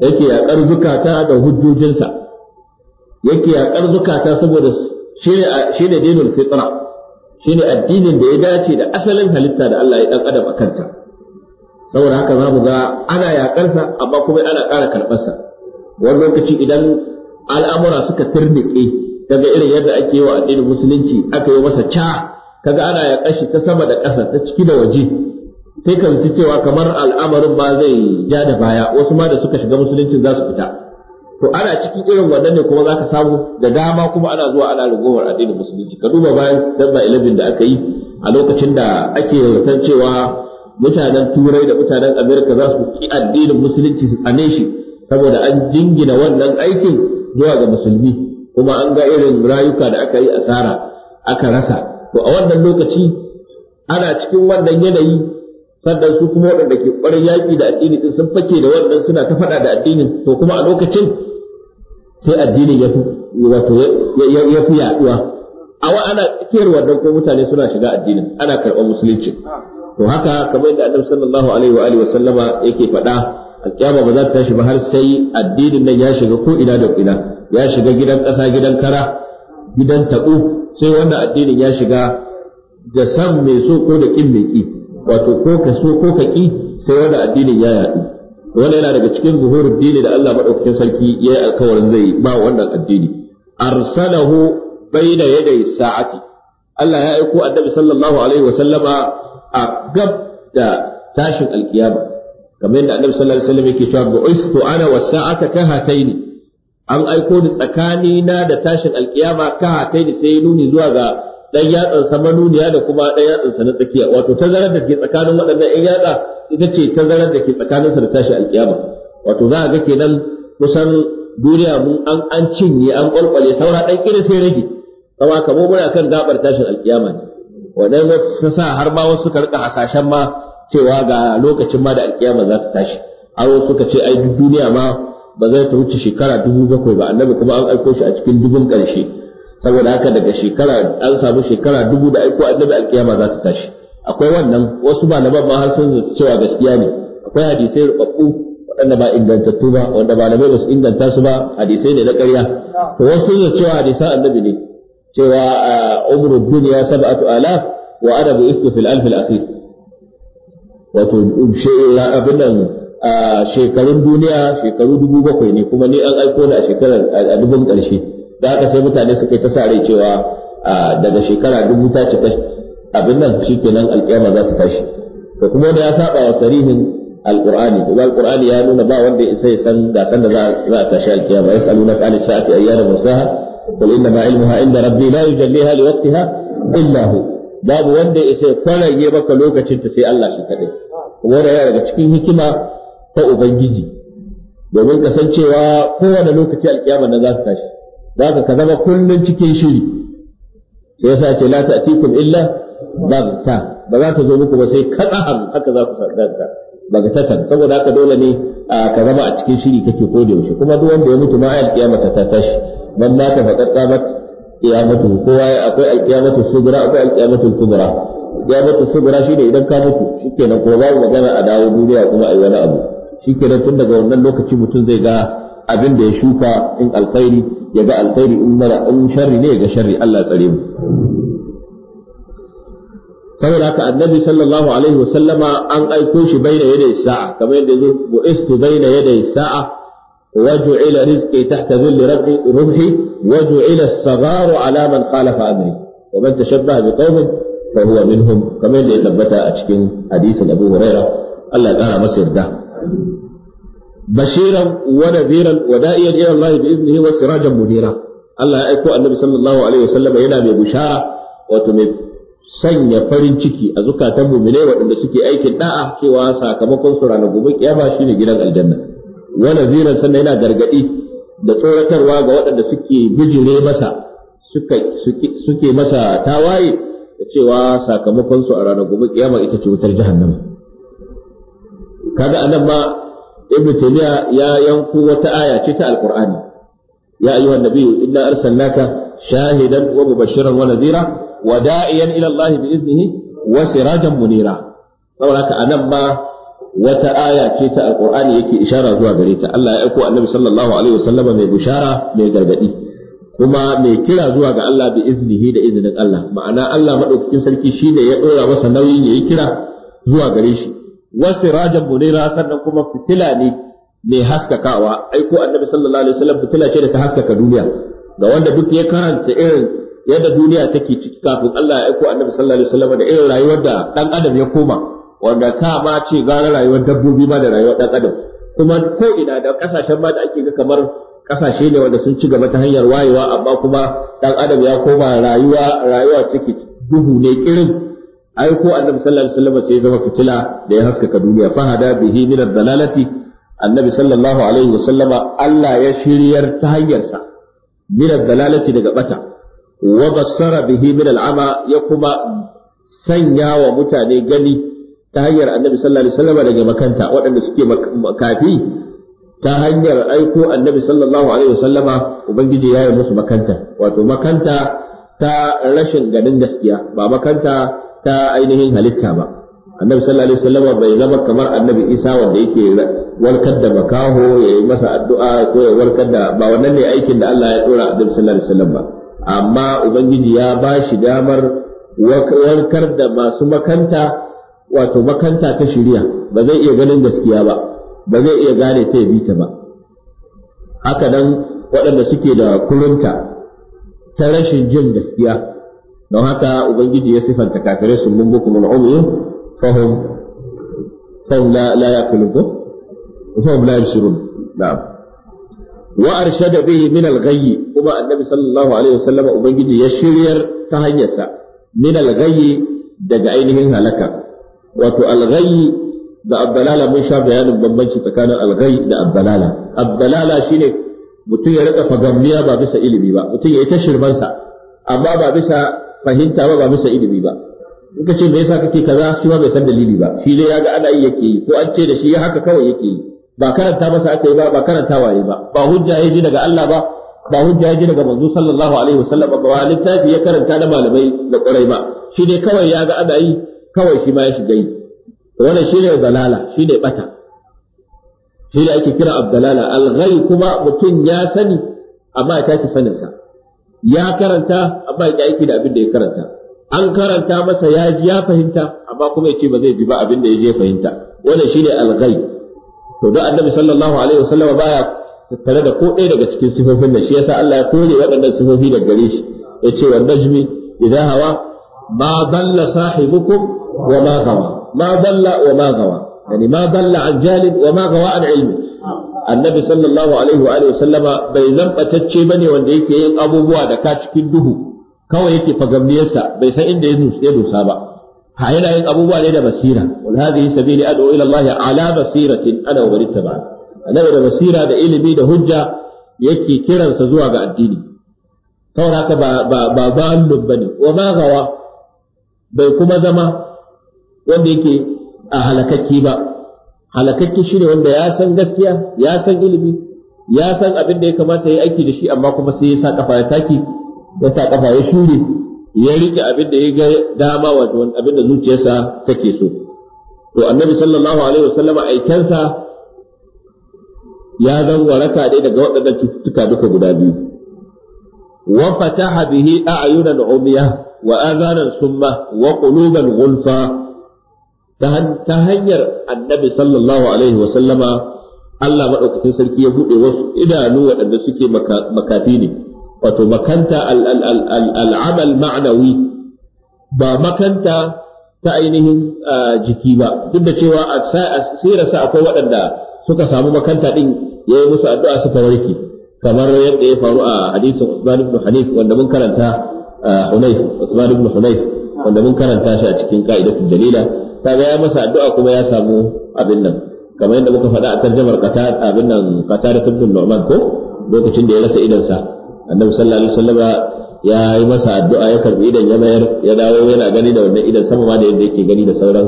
yake yaƙar zukata da hujjojinsa yake yaƙar zukata saboda shi ne dinul fitra shine addinin da ya dace da asalin halitta da Allah ya dan adam a kanta saboda haka za mu ga ana yakarsa amma kuma ana ƙara karɓarsa wani lokaci idan al'amura suka turnike daga irin yadda ake yi wa addinin musulunci aka yi masa ca kaga ana ya shi ta sama da ƙasa ta ciki da waje sai ka cewa kamar al'amarin ba zai ja da baya wasu ma da suka shiga musulunci za su fita to ana cikin irin wannan ne kuma zaka samu da dama kuma ana zuwa ana rigowar addinin musulunci ka duba bayan dabba 11 da aka yi a lokacin da ake zaton cewa mutanen turai da mutanen amerika za su ki addinin musulunci su tsane shi saboda an jingina wannan aikin zuwa ga musulmi kuma an ga irin rayuka da aka yi asara aka rasa to a wannan lokaci ana cikin wannan yanayi sannan su kuma waɗanda ke ƙwarar yaƙi da addini sun fake da wannan suna ta faɗa da addinin to kuma a lokacin sai addinin ya fi wato ya fi yaduwa ana kiyarwa don ko mutane suna shiga addinin ana karɓar musulunci to haka kamar yadda annabi sallallahu alaihi wa alihi wa sallama yake faɗa alƙiyama ba za ta tashi ba har sai addinin nan ya shiga ko ina da ina ya shiga gidan ƙasa gidan kara gidan taɓo sai wannan addinin ya shiga da san mai so ko da ƙin mai ƙi wato ko ka so ko ka ƙi sai wannan addinin ya yaɗu wannan yana daga cikin zuhurud dini da Allah madaukakin sarki ya yi alkawarin zai ba wannan addini arsalahu baina yaday sa'ati Allah ya aiko annabi sallallahu alaihi wa Sallama a gab da tashin alkiyama kamar yadda annabi sallallahu alaihi wa wasallam yake cewa bu'istu ana was sa'ata ka hataini an aiko ni tsakanina da tashin alkiyama ka hataini sai nuni zuwa ga dan yatsan sa manuniya da kuma dan yatsan sa na tsakiya wato tazarar da ke tsakanin waɗannan ɗan yatsa ita ce tazarar da ke tsakanin sa da tashi alkiyama wato za a ga kenan kusan duniya mun an an cinye an kwalkwale saura dan kira sai rage kama kamo muna kan gabar tashin alkiyama ne wannan su sa har ma wasu suka rika hasashen ma cewa ga lokacin ma da alkiyama za ta tashi har wasu suka ce ai duniya ma ba zai ta wuce shekara dubu bakwai ba annabi kuma an aiko shi a cikin dubun ƙarshe saboda haka daga shekara an samu shekara dubu da aiko annabi alkiyama za ta tashi akwai wannan wasu malaman ma har sun zuci cewa gaskiya ne akwai hadisai rubabbu waɗanda ba ingantattu ba wanda malamai ba su inganta su ba hadisai ne na ƙarya to wasu sun zuci cewa hadisan annabi ne cewa ah, umru dunya sab'atu alaf wa ana bi ifku fil alf al akhir wato abin nan ah, shekarun duniya shekaru dubu bakwai ne kuma ni an aiko ni a shekarar a dubun ƙarshe da haka sai mutane suka yi ta sa rai cewa daga shekara dubu ta cika abin nan shi shikenan alƙiyama za ta tashi to kuma wanda ya saba wa sarihin alqur'ani to Alƙur'ani ya nuna ba wanda isa ya san da san da za a tashi alƙiyama na an sa'ati ayyana musaha qul inna ma ilmuha inda rabbi la yujalliha liwaqtiha illa hu babu wanda isa ya kwarage maka lokacin ta sai Allah shi kadai wanda ya daga cikin hikima ta ubangiji domin kasancewa kowane lokaci alƙiyama nan za ta tashi za ka ka zama kullum cikin shiri Ya yasa ce la ta'tikum illa bagta ba za ka zo muku ba sai katsahar haka za ku sarkanta bagatatan saboda haka dole ne ka zama a cikin shiri kake ko da yaushe kuma duk wanda ya mutu ma ayal kiyama ta tashi man mata faqad qamat qiyamatu kowa akwai alqiyamatu sugra akwai alqiyamatu kubra qiyamatu sugra shine idan ka mutu shikenan ko babu magana a dawo duniya kuma ayi wani abu shikenan tun daga wannan lokaci mutum zai ga abin da ya shuka in alkhairi ya ga alkhairi in mara in sharri ne ga sharri Allah tsare mu saboda haka annabi sallallahu alaihi wa sallama an aiko shi baina yaday sa'a kamar yadda zo bu'istu baina yaday sa'a wa ju'ila rizqi tahta dhilli rabbi rubhi wa ju'ila as-sagharu ala man khalafa amri wa man tashabbaha biqawmin fa huwa minhum kamar yadda ya tabbata a cikin hadisin Abu Hurairah Allah ya kara masa yarda bashiran wa nadhiran wa da'iyan ila Allah bi idnihi wa sirajan munira Allah ya aiko annabi sallallahu alaihi wasallam yana mai bushara wato mai sanya farin ciki a zukatan mu'mine waɗanda suke aikin da'a cewa sakamakon su ranar gobe kiyama shine gidan aljanna Wani nadhiran sannan yana gargadi da tsoratarwa ga waɗanda suke bijire masa suke masa tawaye da cewa sakamakon su a ranar gobe kiyama ita ce wutar jahannama kaga anan ma ibn taymiya ya yanko wata aya ce ta alqur'ani ya ayyuhan nabiyyu inna arsalnaka shahidan wa mubashiran wa nadhira wa da'iyan ila Allah bi iznihi wa sirajan munira saboda haka anan ma wata aya ce ta alqur'ani yake ishara zuwa gare ta Allah ya aiko annabi sallallahu alaihi wasallam mai bushara mai gargadi kuma mai kira zuwa ga Allah bi iznihi da izinin Allah ma'ana Allah madaukakin sarki shi shine ya dora masa nauyin ya yi kira zuwa gare shi wasu rajan munira sannan kuma fitila ne mai haskakawa ai ko annabi sallallahu alaihi wasallam fitila ce da ta haskaka duniya ga wanda duk ya karanta irin yadda duniya take ciki kafin Allah ya aiko annabi sallallahu alaihi wasallam da irin rayuwar da dan adam ya koma wanda ta ma ce gara rayuwar dabbobi ma da rayuwar dan adam kuma ko ina da kasashen ma da ake ga kamar kasashe ne wanda sun ci gaba ta hanyar wayewa amma kuma dan adam ya koma rayuwa rayuwa ciki duhu ne kirin ai ko annabi sallallahu alaihi wasallam sai zama fitila da ya haskaka duniya hada bihi min ad-dalalati annabi sallallahu alaihi wasallama Allah ya shiryar ta hanyarsa min ad-dalalati daga bata wa bassara bihi min al-ama ya kuma sanya wa mutane gani ta hanyar annabi sallallahu alaihi wasallama daga makanta waɗanda suke makafi ta hanyar aiko annabi sallallahu alaihi wasallama ubangiji ya yi musu makanta wato makanta ta rashin ganin gaskiya ba makanta ta ainihin halitta ba annabi sallallahu alaihi wasallam bai zama kamar annabi isa wanda yake warkar da makaho ya yi masa addu'a ko ya warkar da ba wannan ne aikin da Allah ya dora annabi sallallahu alaihi wasallam ba amma ubangiji ya ba shi damar warkar da masu makanta wato makanta ta shirya. ba zai iya ganin gaskiya ba ba zai iya gane ta bi ta ba haka nan waɗanda suke da kurunta ta rashin jin gaskiya don haka ubangiji ya sifanta kafirai sun mun bukum al'ummi fahim fahum la la yaqulubu fahum la yashurun na'am wa arshada bihi min al-ghayy kuma annabi sallallahu alaihi wasallam ubangiji ya shiryar ta hanyarsa min al-ghayy daga ainihin halaka wato al-ghayy da abdalala mun sha bayanin bambanci tsakanin al-ghayy da abdalala abdalala shine mutum ya rika fagamniya ba bisa ilimi ba mutum ya yi ta shirmansa amma ba bisa fahimta ba ba bisa ilimi ba in ka ce me yasa kake kaza shi ba bai san dalili ba shi dai yaga ana yi yake yi ko an ce da shi haka kawai yake yi ba karanta masa aka yi ba ba karanta waye ba ba hujja ya ji daga Allah ba ba hujja ya ji daga manzo sallallahu alaihi wasallam ba ba littafi ya karanta da malamai da ƙurai ba shi dai kawai yaga ana yi kawai shi ma ya shiga yi wannan zalala dalala ne bata shi ne ake kira abdalala alghai kuma mutum ya sani amma ya taki saninsa ya karanta amma ya aiki da abin da ya karanta an karanta masa ya ji ya fahimta amma kuma ya ce ba zai bi ba abin da ya je fahimta wannan shine alghai to don annabi sallallahu alaihi wasallam baya tare da ko ɗaya daga cikin sifofin nan shi yasa Allah ya kore waɗannan sifofi daga gare shi yace wa najmi idza hawa ma dalla sahibukum wa ma gawa ma dalla wa ma gawa yani ma dalla an jalib wa ma gawa an ilmi annabi sallallahu alaihi wa sallama bai zambatacce bane wanda yake yin abubuwa da ka cikin duhu kawai yake fagamniyarsa bai san inda ya dosa ba ha yana yin abubuwa ne da basira wal hadhihi sabili ad'u ila Allah ala basiratin ana wa barittaba annabi da basira da ilimi da hujja yake kiransa zuwa ga addini saboda haka ba ba ba bane wa ma gawa bai kuma zama wanda yake a halakakki ba halakakke ne wanda ya san gaskiya ya san ilimi ya san abin da ya kamata ya aiki da shi amma kuma sai ya sa kafa ya taki ya sa kafa ya shure ya rike abin da ya ga dama wato abin da zuciyarsa take so to annabi sallallahu alaihi wasallam aikensa ya zan waraka dai daga waɗannan cututtuka duka guda biyu wa fataha bihi a'yunan umiya wa azanan summa wa quluban ghulfa ta hanyar annabi sallallahu alaihi wa sallama Allah madaukakin sarki ya bude wasu idanu waɗanda suke makafi ne wato makanta al'amal ma'anawi ba makanta ta ainihin jiki ba duk da cewa a sirarsa akwai waɗanda suka samu makanta ɗin ya yi musu addu'a suka warke kamar yadda ya faru a hadisin Usman ibn Hanif wanda mun karanta Hunayf ibn Hunayf wanda mun karanta shi a cikin ka'idatul dalila kaga ya masa addu'a kuma ya samu abin nan kamar yadda muka faɗa a tarjamar kata abin nan da ibn Nu'man ko lokacin da ya rasa idan sa annabi sallallahu alaihi wasallam ya yi masa addu'a ya karbi idan ya mayar ya dawo yana gani da wannan idan sama ma da yadda yake gani da sauran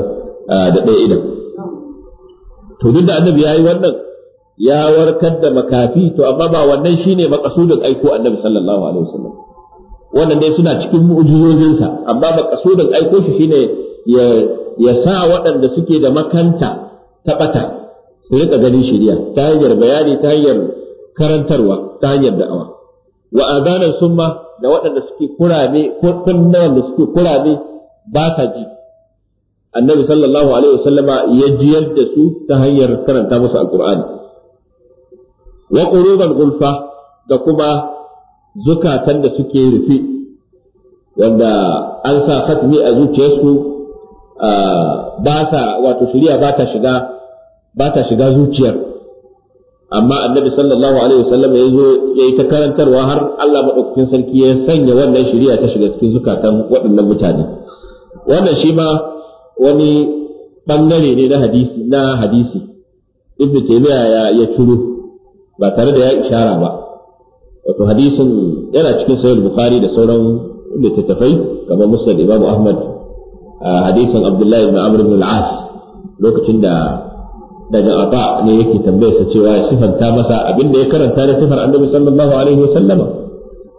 ah, da ɗaya idan to duk da annabi ya yi wannan ya warkar da makafi to amma ba wannan shine makasudin aiko annabi sallallahu alaihi wasallam wannan dai suna cikin mu'jizozinsa amma makasudin aiko shi shine ya ya sa waɗanda suke da makanta ta ɓata su rika ganin shari'a ta hanyar bayani ta hanyar karantarwa ta hanyar da'awa wa adanan summa da waɗanda suke kurame ko kunnan da suke kurame ba ta ji annabi sallallahu alaihi wasallama ya jiyar da su ta hanyar karanta musu alqur'ani wa quluban gulfa da kuma zukatan da suke rufe wanda an sa fatmi a zuciyarsu ba sa wato shirya ba ta shiga ba ta shiga zuciyar amma annabi sallallahu alaihi wasallam ya zo ya yi ta karantarwa har Allah madaukakin sarki ya sanya wannan shirya ta shiga cikin zukatan waɗannan mutane wannan shi ma wani bangare ne na hadisi na hadisi ibnu taymiya ya ya turo ba tare da ya ishara ba wato hadisin yana cikin sahih bukhari da sauran littattafai kamar musnad imam ahmad hadisin Abdullahi ibn Amr ibn al-As lokacin da daga Aba ne yake tambayarsa cewa ya sifanta masa abinda ya karanta da sifar Annabi sallallahu alaihi wa sallama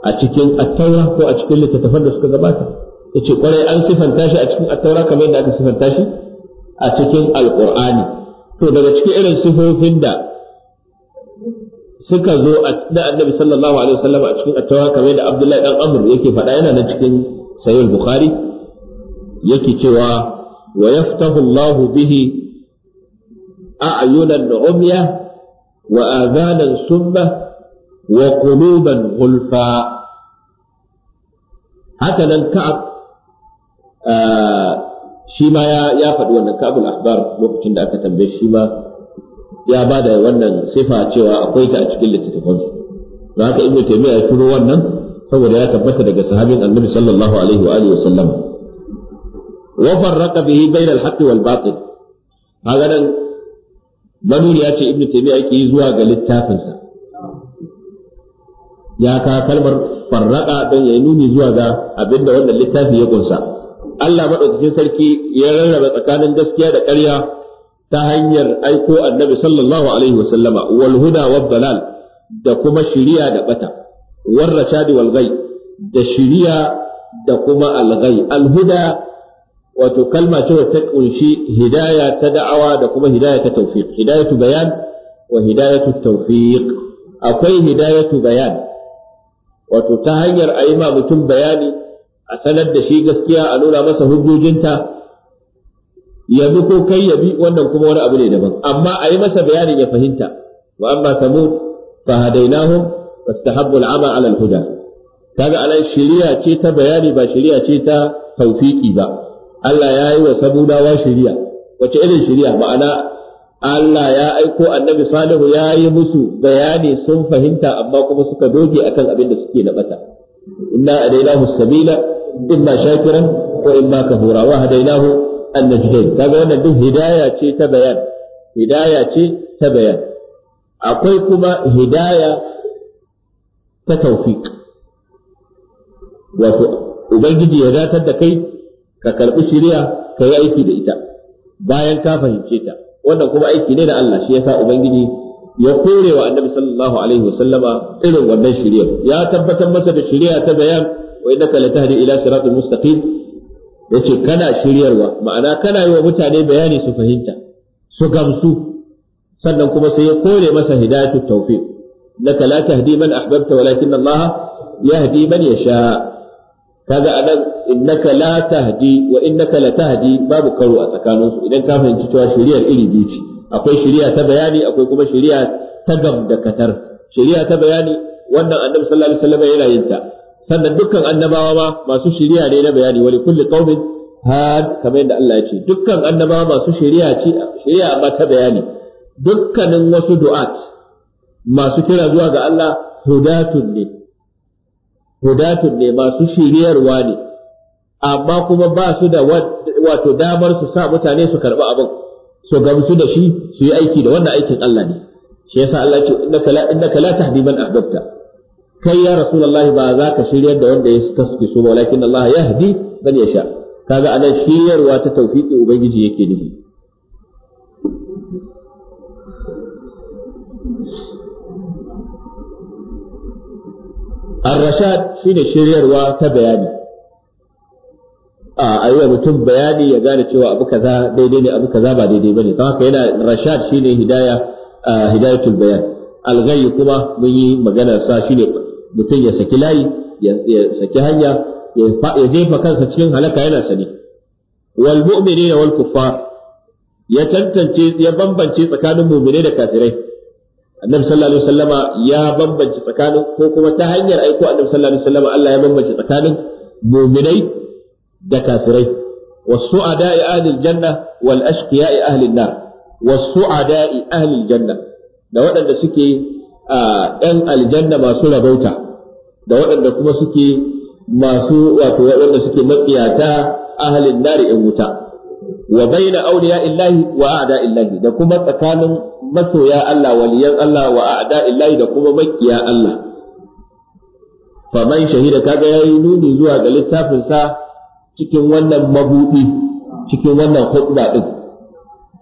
a cikin at-Taura ko a cikin littattafan da suka gabata yace kwarai an sifanta shi a cikin at-Taura kamar yadda aka sifanta shi a cikin Al-Qur'ani to daga cikin irin sifofin da suka zo da Annabi sallallahu alaihi wa a cikin at-Taura kamar yadda Abdullahi dan Amr yake faɗa yana nan cikin Sahih Bukhari yake cewa wa yaftahu Allahu bihi a'yunan umya wa adhanan summa wa quluban gulfa haka nan ka'ab shi ma ya faɗi wannan ka'abul ahbar lokacin da aka tambaye shi ma ya ba da wannan sifa cewa akwai ta a cikin littattafansu da haka ibnu taymiya ya turo wannan saboda ya tabbata daga sahabin annabi sallallahu alaihi wa alihi wa sallama wa farraqa bihi bayna al haganan wal manuni ya ce Ibn taymiya ake yi zuwa ga littafinsa ya ka kalmar farraqa dan ya nuni zuwa ga abinda wannan littafi ya kunsa Allah madaukakin sarki ya rarraba tsakanin gaskiya da ƙarya ta hanyar aiko annabi sallallahu alaihi wasallama wal huda wad dalal da kuma shiriya da bata warra rashadi wal da shiriya da kuma al ghay al huda wato kalma ce ta kunshi hidaya ta da'awa da kuma hidaya ta tawfiq hidayatu bayan wa hidayatu tawfiq akwai hidayatu bayan wato ta hanyar a yi ma mutum bayani a sanar da shi gaskiya a nuna masa hujjojinta ya bi ko kai ya bi wannan kuma wani abu ne daban amma a yi masa bayanin ya fahimta wa amma samud fa hadainahum fastahabbu al'ama 'ala al-huda kaga alai shari'a ce ta bayani ba shari'a ce ta tawfiki ba Allah ya yi wa samudawa shari'a wace irin shari'a ma'ana Allah ya aiko annabi salihu ya yi musu bayani sun fahimta amma kuma suka doge akan abin da suke na bata inna adainahu sabila imma shakiran wa imma kafura wa hadainahu an-najdain kaga wannan duk hidaya ce ta bayan hidaya ce ta bayan akwai kuma hidaya ta tawfiq wato ubangiji ya datar da kai ka karbi shiriya ka yi aiki da ita bayan ka fahimce ta wannan kuma aiki ne da Allah shi yasa ubangiji ya kore wa annabi sallallahu alaihi wasallama irin wannan ya tabbatar masa da shiriya ta bayan wa innaka latahdi ila siratul mustaqim yace kana shiryarwa ma'ana kana yi wa mutane bayani su fahimta su gamsu sannan kuma sai ya kore masa hidayatut tawfiq laka la tahdi man ahbabta walakin Allah yahdi man yasha kaga anan innaka la tahdi wa innaka la tahdi babu karo a tsakaninsu idan ka fahimci cewa shari'ar iri biyu ce akwai shari'a ta bayani akwai kuma shari'a ta katar shari'a ta bayani wannan annabi sallallahu alaihi wasallam yana yin ta sannan dukkan annabawa ma masu shari'a ne na bayani wali kulli qaumin had kamar yadda Allah ya ce dukkan annabawa masu shari'a ce shari'a amma ta bayani dukkanin wasu du'at masu kira zuwa ga Allah hudatun ne hudatun ne masu shiriyarwa ne amma kuma ba su da wato damar su sa mutane su karɓi abin su gamsu da shi su yi aiki da wannan aikin Allah ne shi yasa Allah ce innaka la innaka la tahdi man ahbabta kai ya rasulullahi ba za ka shiryar da wanda ya kaske so walakin Allah yahdi man yasha kaga anan shiryarwa ta tawfiqi ubangiji yake nufi الرشاد شنو شرير وتبياني a yi wa mutum bayani ya gane cewa abu kaza daidai ne abu kaza ba daidai bane don haka yana rashad shine hidaya hidayatul bayan alghayy kuma mun yi magana sa shine mutum ya saki layi ya saki hanya ya jefa kansa cikin halaka yana sani wal mu'minina wal kuffar ya tantance ya bambance tsakanin mu'mini da kafirai annabi sallallahu alaihi wasallama ya bambance tsakanin ko kuma ta hanyar aiko annabi sallallahu alaihi wasallama Allah ya bambance tsakanin mu'minai da kafirai wasu a da'i ahlil janna wal ashqiya'i ahlin nar da'i ahlil janna da waɗanda suke a ɗan aljanna masu rabauta da waɗanda kuma suke masu wato waɗanda suke matsiyata ahlin nar in wuta wa baina awliya illahi wa a'da illahi da kuma tsakanin masoya Allah waliyan Allah wa a'da illahi da kuma makiya Allah faman shahida kaga yayi nuni zuwa ga littafin sa cikin wannan mabuɗi cikin wannan hudba din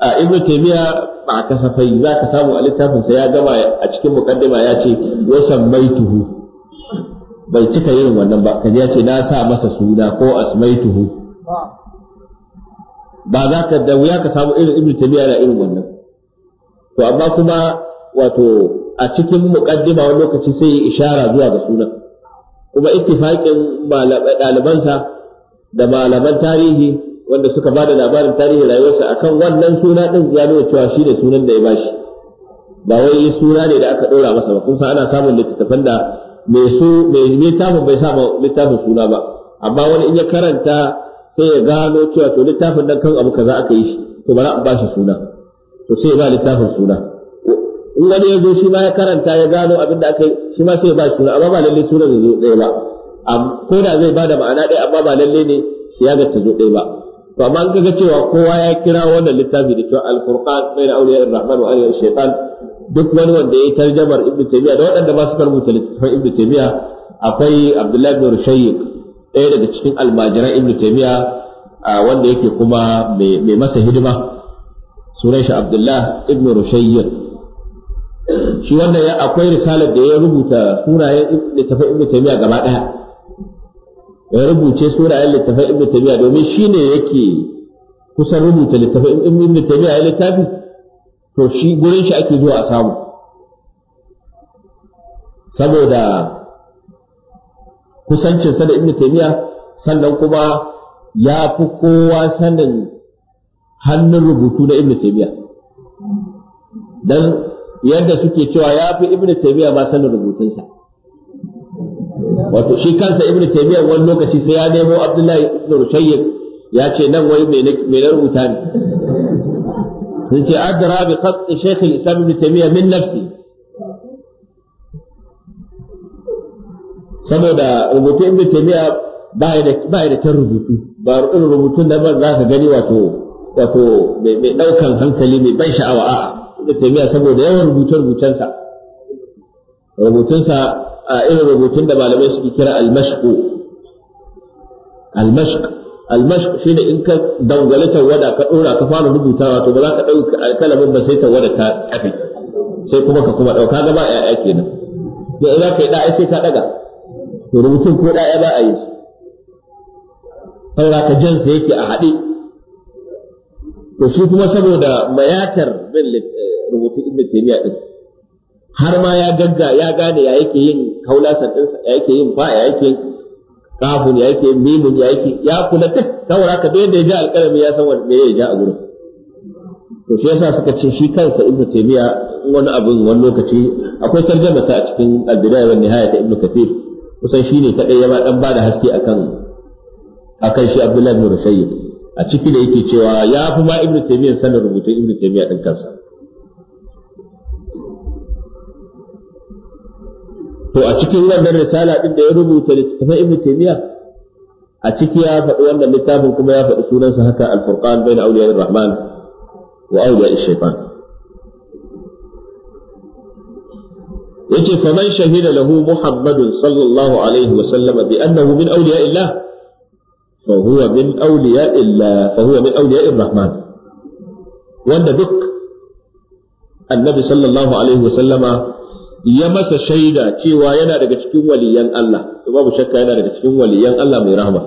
a ibnu taymiya ba kasafai za ka samu a littafin sa ya gama a cikin muqaddima ya ce wa sammaituhu bai cika yin wannan ba kaje ya ce na sa masa suna ko asmaituhu ba za ka da wuya ka samu irin ibnu taymiya da irin wannan to amma kuma wato a cikin muqaddima wani lokaci sai ya ishara zuwa ga sunan kuma ittifaqin ɗalibansa da malaman tarihi wanda suka ba da labarin tarihi rayuwarsa akan wannan suna ɗin ya nuna cewa shi ne sunan da ya bashi ba wai suna ne da aka ɗora masa ba kun san ana samun littattafan da mai su mai littafin bai sa littafin suna ba amma wani in ya karanta sai ya gano cewa to littafin nan kan abu kaza aka yi shi to ba za a bashi suna to sai ya ba littafin suna in wani ya zo shi ma ya karanta ya gano abin da aka yi shi ma sai ya ba suna amma ba lalle sunan ya zo ɗaya ba ko da zai bada ma'ana ɗaya amma ba lalle ne siyagar ta zo ɗaya ba to amma an kaga cewa kowa ya kira wannan littafi da cewa al-furqan bayna awliya ar-rahman wa awliya shaytan duk wani wanda ya tarjamar ibn taymiya da waɗanda ba su karbuta littafin ibn taymiya akwai abdullahi bin rushayyik ɗaya daga cikin almajiran ibn taymiya wanda yake kuma mai masa hidima sunan shi abdullah ibn rushayyik shi wannan akwai risalar da ya rubuta sunayen littafin ibn taymiya gaba ɗaya ya rubuce sura littafin ibnu taymiya domin shine yake kusan rubuta littafin ibnu taymiya ya littafi to shi gurin shi ake zuwa a samu saboda kusancinsa da ibnu taymiya sannan kuma ya fi kowa sanin hannun rubutu na ibnu taymiya dan yadda suke cewa ya fi ibnu taymiya ma sanin rubutunsa wato shi kansa ibnu taymiya wani lokaci sai ya nemo abdullahi ibnu rushayyi ya ce nan wai me na rubuta ne sun ce adra bi khat shaykh al-islam ibnu taymiya min nafsi saboda rubutu ibnu taymiya ba da ba da tar rubutu ba irin rubutun da ba za ka gani wato wato mai daukan hankali mai ban sha'awa a'a ibnu taymiya saboda yawan rubutun rubutansa rubutunsa a irin rubutun da malamai suke kira almashku almashq almashq shine in ka dangwale tawada ka dora ka fara rubutawa to ba za ka dauki alkalamin ba sai tawada ta kafe sai kuma ka kuma dauka ga ba ya'ya kenan to idan kai da sai ka daga to rubutun ko da ya ba a yi saura ka jansa yake a haɗe to shi kuma saboda mayatar bin eh, rubutun ibn taymiya din har ma ya gagga ya gane ya yake yin kaula ɗinsa ya yake yin fa ya yake yin kafun ya yake yin ya yake ya kula ta kawara ka da ya ja alƙalami ya san wanda ya ja a gurin to shi yasa suka ce shi kansa ibnu taymiya wani abin wani lokaci akwai tarjama ta a cikin al-bidaya wa nihaya ta ibnu kafir kusan shi ne kadai ya ba dan bada haske akan akan shi abdullahi bin rusayyid a ciki da yake cewa ya fi ma ibnu taymiya sanin rubutun ibnu taymiya din kansa to a cikin wannan risala din da ya rubuta littafin ibnu taymiya a ciki ya faɗi wannan littafin kuma ya faɗi sunansa haka al-furqan bayna awliya rahman wa awliya shaytan yace fa man shahida lahu muhammadun sallallahu alaihi wa sallama bi annahu min awliya illah fa huwa min awliya illah fa huwa min awliya rahman wanda duk annabi sallallahu alaihi wa sallama ya masa shaida cewa yana daga cikin waliyan Allah to babu shakka yana daga cikin waliyan Allah mai rahama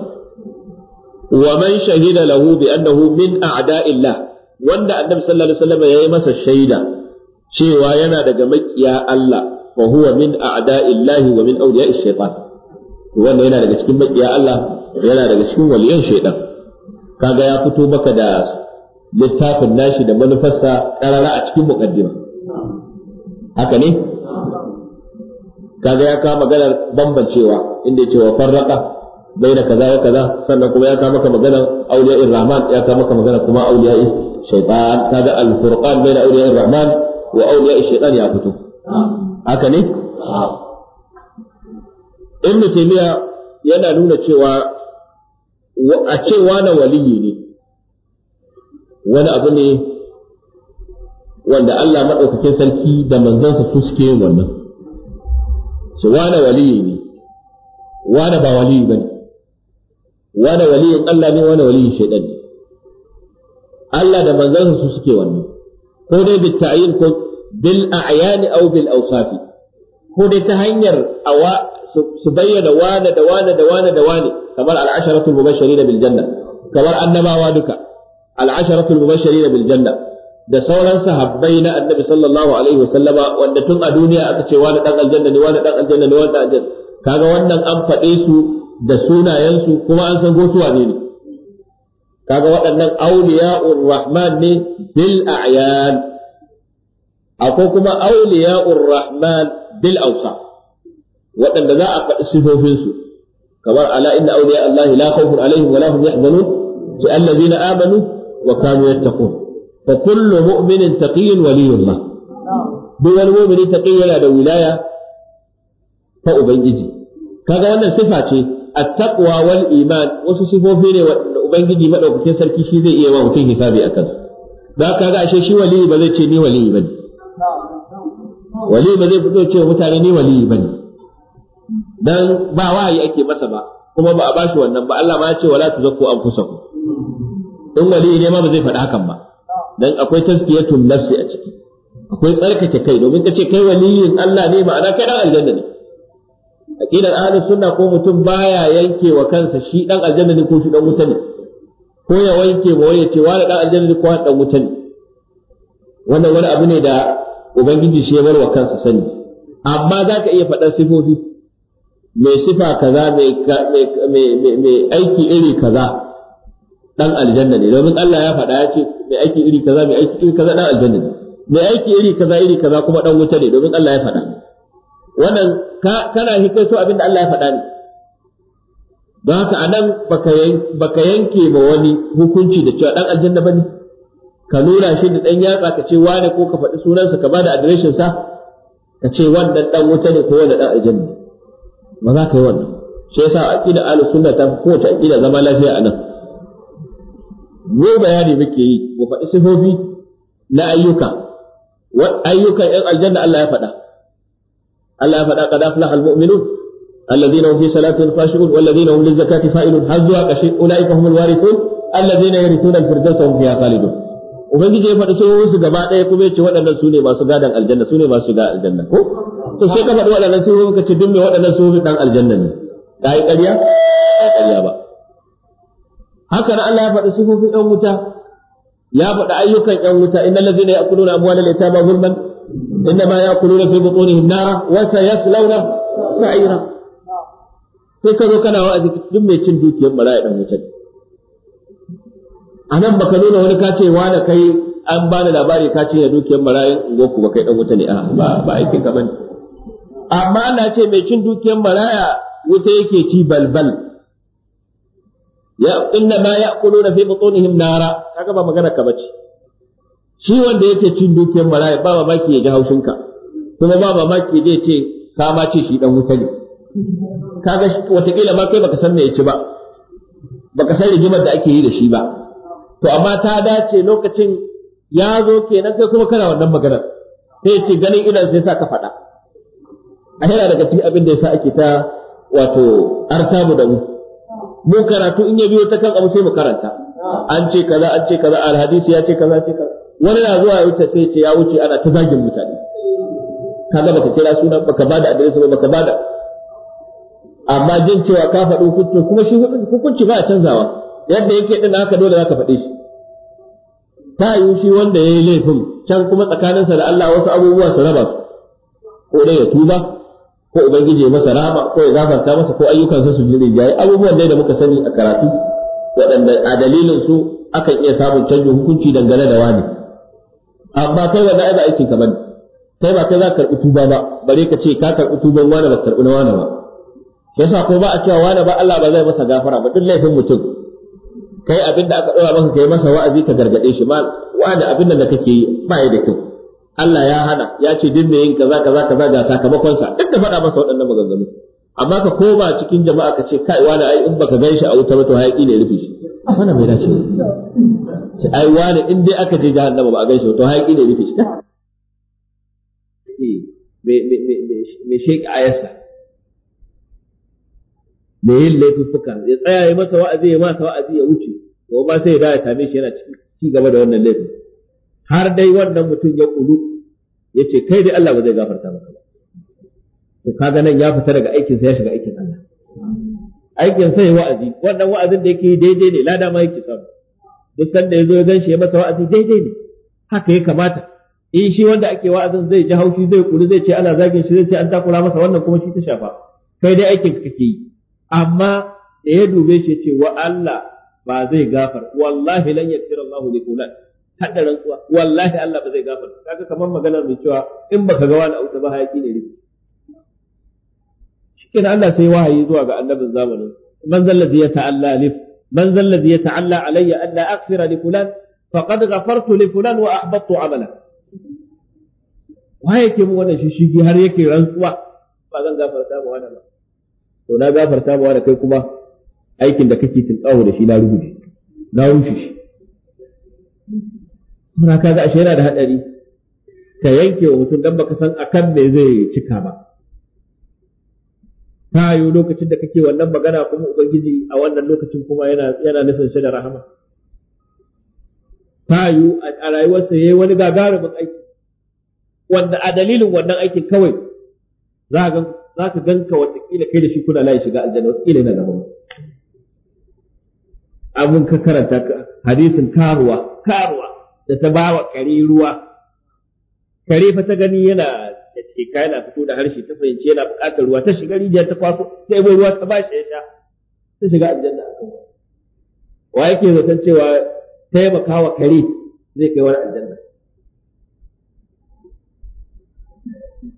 wa man shahida lahu bi annahu min a'da'illah wanda annabi sallallahu alaihi wasallam yayi masa shaida cewa yana daga makiya Allah fa huwa min a'da'illah wa min awliya'i shaytan wanda yana daga cikin makiya Allah yana daga cikin waliyan shaytan kaga ya fito maka da littafin nashi da manufarsa karara a cikin muqaddima haka ne kaga ya ka maganar bambancewa inda ya ce wa farraka baina kaza wa kaza sannan kuma ya ka maka maganar auliya'ir rahman ya kama maka maganar kuma auliya'ir shaytan kaga al-furqan baina auliya'ir rahman wa auliya'ir shaytan ya fito haka ne ibn taymiya yana nuna cewa a cewa na waliyi ne wani abu ne wanda Allah madaukakin sarki da manzansa su suke yin wannan ce wane waliyi ne wane ba waliyi bane wane waliyin Allah ne wane waliyin shaidan ne Allah da manzansa su suke wannan ko dai bit ta'yin ko bil a'yan aw bil awsaf ko dai ta hanyar awa su bayyana wane da wane da wane da wane kamar al-asharatul mubashirin bil janna kamar annabawa duka al-asharatul mubashirin bil janna da sauran sahabbai na annabi sallallahu alaihi wasallama wanda tun a duniya aka ce wani dan aljanna ne wani dan aljanna ne wani dan aljanna kaga wannan an faɗe su da sunayensu kuma an san gosuwa ne ne kaga waɗannan auliya'ur rahman ne bil a'yan akwai kuma auliya'ur rahman bil awsa waɗanda za a faɗi su kamar ala inna awliya allahi la khawfun alaihim wa la hum yahzanun sai allazina amanu wa kanu yattaqun fa kullu mu'minin taqiyyun waliyullah duk wani mu'mini taqi yana da wilaya ta ubangiji kaga wannan sifa ce a taqwa wal iman wasu sifofi ne wanda ubangiji madaukakin sarki shi zai iya wa mutum hisabi akan da ga ashe shi waliyi ba zai ce ni ba ne. waliyi ba zai fito cewa mutane ni ba ne. dan ba wahayi ake masa ba kuma ba a bashi wannan ba Allah ma ya ce wala tuzakku ku. in waliyi ne ma ba zai faɗi hakan ba dan akwai tazkiyatun nafsi a ciki akwai tsarkake kai domin kace kai waliyin Allah ne ma'ana kai dan aljanna ne aqidar ahlus sunna ko mutum baya yanke wa kansa shi dan aljanna ne ko shi dan wuta ne ko ya wanke ba ya ce wani dan aljanna ne ko dan wuta ne wannan wani abu ne da ubangiji shi ya bar wa kansa sani amma zaka iya faɗar sifofi mai sifa kaza mai aiki iri kaza dan aljanna ne domin Allah ya faɗa ya ce mai aiki iri kaza mai aiki iri kaza dan aljanna ne mai aiki iri kaza iri kaza kuma dan wuta ne domin Allah ya faɗa wannan kana hikaito abin da Allah ya faɗa ne don haka nan baka yanke ma wani hukunci da cewa dan aljanna bane ka nuna shi da dan yatsa ka ce wane ko ka faɗi sunansa ka bada adireshin sa ka ce wannan dan wuta ne ko wannan dan aljanna ba za ka yi wannan shi yasa aqida ahlus sunna ta fi kowace aqida zama lafiya a nan. mu bayani muke yi mu faɗi sifofi na ayyuka Ayyuka ‘yan aljanna Allah ya faɗa Allah ya faɗa qad aflaha almu'minun alladhina hum fi salatihim khashi'un walladhina hum lizakati fa'ilun har zuwa ƙarshe ulaika humul warithun alladhina yarithuna al-firdausa hum fiha khalidun ubangiji ya faɗi sun su gaba ɗaya kuma ya ce waɗannan su ne masu gadan aljanna su ne masu ga aljanna ko to sai ka faɗi waɗannan sun ka ce duk mai waɗannan sun dan aljanna ne ka yi ƙarya ba ƙarya ba haka nan Allah ya faɗi sufufin ɗan wuta ya faɗi ayyukan ɗan wuta innal ladzina ya'kuluna amwalal yatama zulman innama ya'kuluna fi butunihim nara wa sayaslawna sa'ira sai ka zo kana wa'azi duk mai cin dukiyar maraya ɗan wuta a nan baka nuna wani kace wa da kai an bani labari ka cinye dukiyar marayan goku ba kai ɗan wuta ne a ba aikin ka bane amma Allah ce mai cin dukiyar maraya wuta yake ci balbal ya inna ma ya'kuluna fi butunihim nara kaga ba magana ka bace shi wanda yake cin dukiyar maraya ba mamaki ya ji haushin ka kuma ba mamaki zai ce ka ma ce shi dan wuta ne kaga watakila ma kai baka san me ya ci ba baka san rigimar da ake yi da shi ba to amma ta dace lokacin ya zo kenan kai kuma kana wannan maganar sai ya ce ganin idan sai sa ka faɗa a yana daga cikin abin da yasa ake ta wato artabu da mu Mun karatu in ya biyo ta kan abu sai mu karanta an ce kaza an ce kaza hadisi ya ce kaza ce kaza wani na zuwa ya wuce sai ce ya wuce ana ta zagin mutane kaga baka kira sunan baka bada adresa ba baka bada amma jin cewa ka faɗi hukunci kuma shi hukunci ba canzawa yadda yake din haka dole zaka faɗe shi ta yi shi wanda ya yi laifin can kuma tsakaninsa da Allah wasu abubuwa su raba su ko dai ya tuba ko ubangiji ya masa rahama ko ya gafarta masa ko ayyukansa su jiri yayi abubuwan dai da muka sani a karatu waɗanda a dalilin su akan iya samun canjin hukunci dangane da wani amma kai wanda ai ba aikin ka bane kai ba kai za ka karɓi tuba ba bare ka ce ka karɓi tuban wani ba karɓi na wani ba yasa ko ba a cewa wani ba Allah ba zai masa gafara ba duk laifin mutum kai abinda aka ɗora maka kai masa wa'azi ka gargaɗe shi ma wani abinda da kake yi ba ya da kyau Allah ya hana ya ce din mai yin kaza kaza kaza ga sakamakon sa duk da faɗa masa waɗannan maganganu amma ka koma cikin jama'a ka ce kai wani ai in baka gan shi a wuta ba to hayaki ne rufe shi wannan bai dace ba ai wani in dai aka je jahannama ba a gan shi to hayaki ne rufe shi me me me me yin laifuffuka ya tsaya ya masa wa'azi ya masa wa'azi ya wuce gobe ma sai ya da ya same shi yana ci gaba da wannan laifin har dai wannan mutum ya kulu ya ce kai dai Allah ba zai gafarta maka ba to kaga nan ya fita daga aikinsa ya shiga aikin Allah aikin sai wa'azi wannan wa'azin da yake daidai ne lada ma yake samu duk sanda ya zo ya gan shi ya masa wa'azi daidai ne haka ya kamata in shi wanda ake wa'azin zai ji haushi zai kuri zai ce ana zagin shi zai ce an takura masa wannan kuma shi ta shafa kai dai aikin ka kake yi amma da ya dube shi ce wa Allah ba zai gafar wallahi lan yaghfira Allahu li fulan hada rantsuwa wallahi Allah ba zai gafarta kaga kamar maganar mai cewa in baka ga wani auta ba hayaki ne rufi shikin Allah sai wahayi zuwa ga annabin zamanin man zalla zalladhi yata'alla lif man zalla zalladhi yata'alla alayya an la aghfira li fulan faqad ghafartu li fulan wa ahbattu amala waye yake mu wannan shishigi har yake rantsuwa ba zan gafarta ba wannan ba to na gafarta ba wannan kai kuma aikin da kake tinkawo da shi na rubuce na rushe shi kuma za a yana da hadari ka yanke wa mutum dan baka san akan me zai cika ba ta yi lokacin da kake wannan magana kuma ubangiji a wannan lokacin kuma yana yana nufin shi da rahama ta yi a rayuwarsa yayi wani gagarumin aiki wanda a dalilin wannan aikin kawai za ka za ka ganka kila kai da shi kuna layi shiga aljanna kila yana gaba abun ka karanta hadisin karuwa karuwa da ta ba wa kare ruwa kare fa ta gani yana da teka yana fito da harshe ta fahimci yana buƙatar ruwa ta shiga rijiya ta kwaso ta yi ruwa ta ba shi ya sha ta shiga aljanna a kan wa yake zaton cewa taimaka wa kare zai kai wani aljanna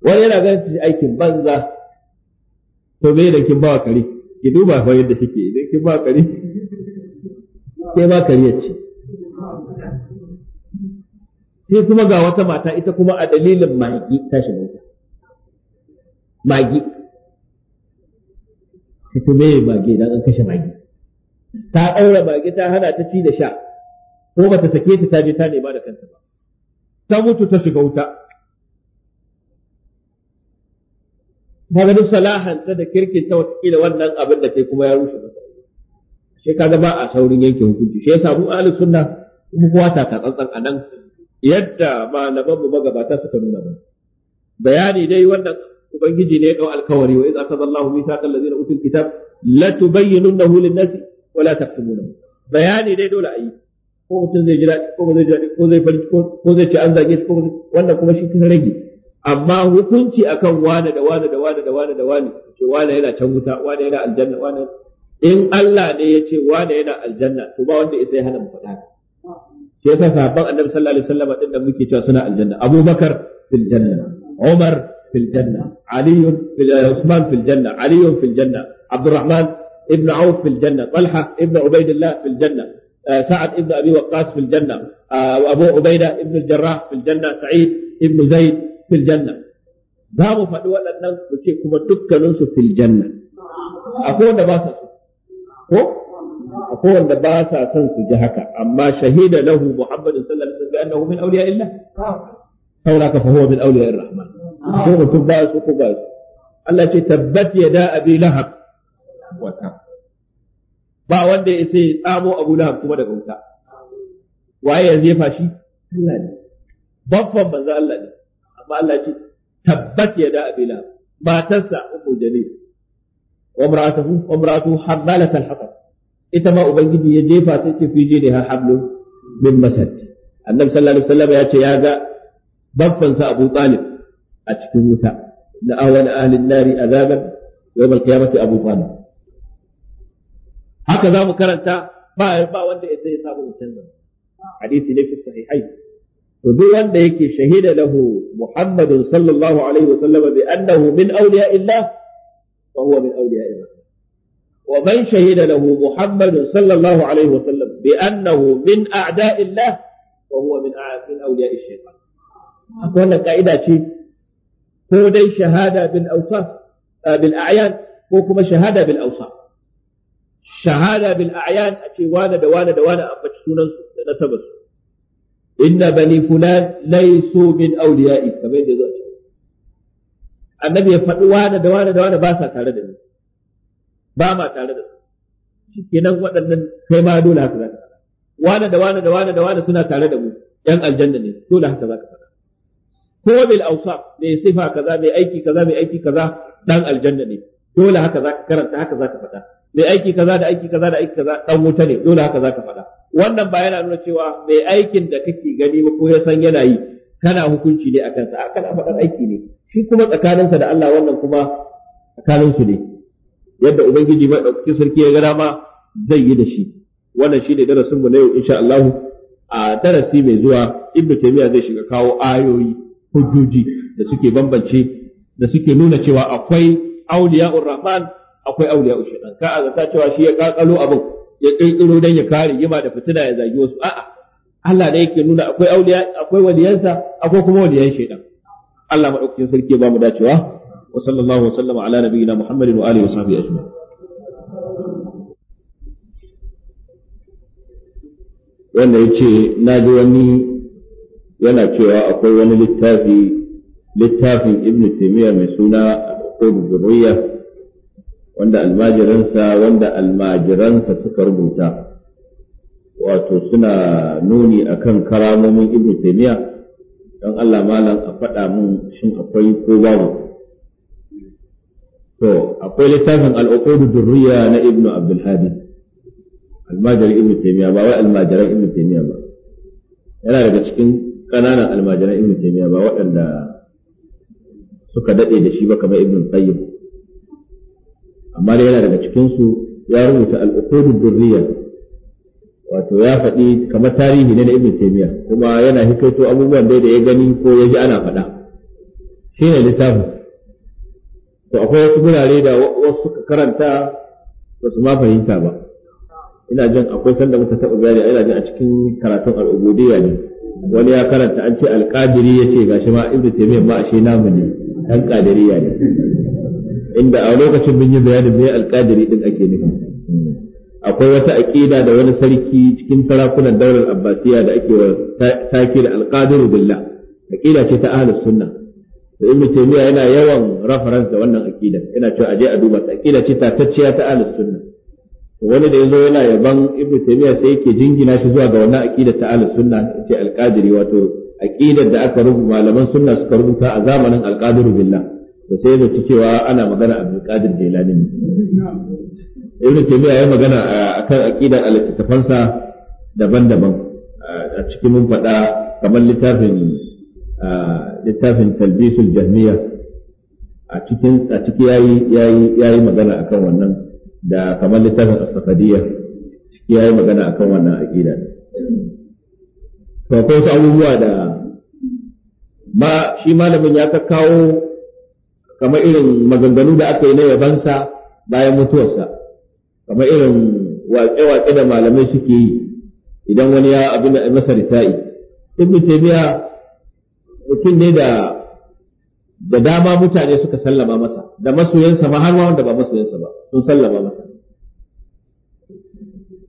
wani yana ganin aikin banza to me da kin ba wa kare ki duba fa yadda kike idan kin ba kare sai ba kare ya ce sai kuma ga wata mata ita kuma a dalilin magi tashi bauta wuta magi ita me magi dan an kashe magi ta ɗaura magi ta hana ta ci da sha ko bata sake ta taje ta nema da kanta ba ta mutu ta shiga wuta kaga duk salahanta da kirkin ta watakila wannan abin da kai kuma ya rushe mata sai kaga ba a saurin yanke hukunci shi yasa mu ahlus sunna kuma kuwa ta tsantsan anan yadda malamanmu magabata suka nuna ba bayani dai wannan ubangiji ne ya kawo alkawari wa idza kadallahu mithaqal ladina utul kitab la tubayyinunahu lin-nasi wa la taktumunahu bayani dai dole ayi ko mutum zai jira ko zai jira ko zai farki ko zai ce an zage ko wannan kuma shi kin rage amma hukunci akan wani da wani da wani da wani da wani ce wani yana can wuta wani yana aljanna wani in Allah ne ya ce wani yana aljanna to ba wanda ya sai hana mu faɗa shi yasa sahabban annabi sallallahu alaihi wasallam din da muke cewa suna aljanna abubakar fil janna umar fil janna ali fil usman fil janna ali fil janna abdurrahman ibn auf fil janna talha ibn ubaidillah fil janna سعد ابن ابي وقاص في الجنه وابو عبيده ابن الجراح في الجنه سعيد ابن زيد في الجنه za mu faɗi waɗannan mu ce kuma dukkaninsu fil janna akwai wanda ba sa so ko akwai wanda ba sa son su ji haka amma shahida lahu muhammadin sallallahu alaihi wasallam annahu min awliya illa saboda ka fa huwa min awliya rahman ko mutum ba su ko ba su Allah ce tabbat yada abi lahab wata ba wanda ya sai tsamo abu lahab kuma daga wuta waye ya zefa shi Allah ne babban manzo Allah ne amma Allah ce tabbat yada abi lahab matarsa ummu jalil wa imra'atuhu wa imra'atuhu hamalat al-hatab ita ma ubangiji ya jefa ta ce fi jiniha hablum min masad annabi sallallahu alaihi wasallam ya ce ya ga babban sa Abu Talib a cikin wuta na awan ahlin nari azaban yawm al-qiyamati Abu Talib haka za mu karanta ba ba wanda ya sai samu mutum nan hadisi ne fi sahihai to duk wanda yake shahida lahu Muhammadun sallallahu alaihi wasallam bi annahu min awliya illah fa huwa min awliya illah ومن شهد له محمد صلى الله عليه وسلم بأنه من أعداء الله وهو من أولياء الشيطان أقول لك قاعدة شيء هو شهادة بالأوصاف بالأعيان ko kuma shahada bil shahada bil a ce wane da wane da wane ambaci sunansu da nasabarsu inna bani fulan laysu min awliya'i kamar a ya faɗi da wane da wane ba sa tare da ba ma tare da su kenan waɗannan kai ma dole haka zaka faɗa wani da wani da wani da wani suna tare da mu yan aljanna ne dole haka zaka faɗa ko bil awsaf mai sifa kaza mai aiki kaza mai aiki kaza dan aljanna ne dole haka zaka karanta haka zaka faɗa mai aiki kaza da aiki kaza da aiki kaza dan wuta ne dole haka zaka faɗa wannan ba yana nuna cewa mai aikin da kake gani ba ko ya san yana yi kana hukunci ne akan sa kana faɗar aiki ne shi kuma tsakaninsa da Allah wannan kuma tsakaninsu ne yadda ubangiji ma ɗauki sarki ya ga dama zai yi da shi wannan shine darasin mu na yau insha Allah a darasi mai zuwa ibnu taymiya zai shiga kawo ayoyi hujjoji da suke bambance da suke nuna cewa akwai auliya urrahman akwai auliya ushaitan ka azata cewa shi ya kakalo abin ya kirkiro dan ya kare yima da fitina ya zagi wasu a'a Allah ne yake nuna akwai auliya akwai waliyansa akwai kuma waliyan shaitan Allah madaukakin sarki ba mu dacewa wa sallallahu wa sallama ala nabiyyina muhammadin wa alihi wa sahbihi ajma'in wanda yace na ji wani yana cewa akwai wani littafi littafin ibn Taimiyya mai suna al-qur'an wanda almajiransa wanda almajiransa suka rubuta wato suna nuni akan karamomin ibn Taimiyya. don Allah malam a faɗa mun shin akwai ko babu to akwai littafin al'uqudu durriya na ibnu abdul hadi almajirin ibnu taymiya ba wai almajiran ibnu taymiya ba yana daga cikin kananan almajiran ibnu taymiya ba waɗanda suka dade da shi ba kamar ibnu qayyim amma yana daga cikin su ya rubuta al'uqudu durriya wato ya faɗi kamar tarihi ne na ibnu taymiya kuma yana hikaito abubuwan da ya gani ko ya ji ana faɗa shine littafin to akwai wasu gurare da wasu suka karanta ba su ma fahimta ba ina jin akwai sanda muka taɓa bayani ina jin a cikin karatun al'ubudiyya ne wani ya karanta an ce alƙadiri ya ce gashi ma ibnu taymiyyah ma ashe namu ne dan qadiriyya ne inda a lokacin mun yi bayanin me alƙadiri din ake nufi akwai wata aqida da wani sarki cikin sarakunan daular abbasiya da ake wa takir alqadiru billah aqida ce ta ahlus sunnah ibnu taymiya yana yawan reference da wannan aqida yana cewa aje a duba ta aqida ce tatacciya ta ahlus sunna wani da yazo yana yaban ibnu taymiya sai yake jingina shi zuwa ga wannan aqida ta ahlus sunna ce alqadiri wato aqidar da aka rubuta malaman sunna suka rubuta a zamanin alqadiru billah to sai da cewa ana magana a qadir jilani ne ibnu taymiya ya magana akan aqidar alittafansa daban-daban a cikin mun faɗa kamar littafin littafin talbisul jahmiya a cikin a ciki yayi yayi yayi magana akan wannan da kamar littafin as-safadiyya ciki yayi magana akan wannan aqida to ko wasu abubuwa da ba shi malamin ya kawo kamar irin maganganu da aka yi na yabansa bayan mutuwarsa kamar irin wace-wace da malamai suke yi idan wani ya abin da masa rita'i ibn taymiya mutum ne da da dama mutane suka sallama masa da masoyansa ma har wanda ba masoyansa ba sun sallama masa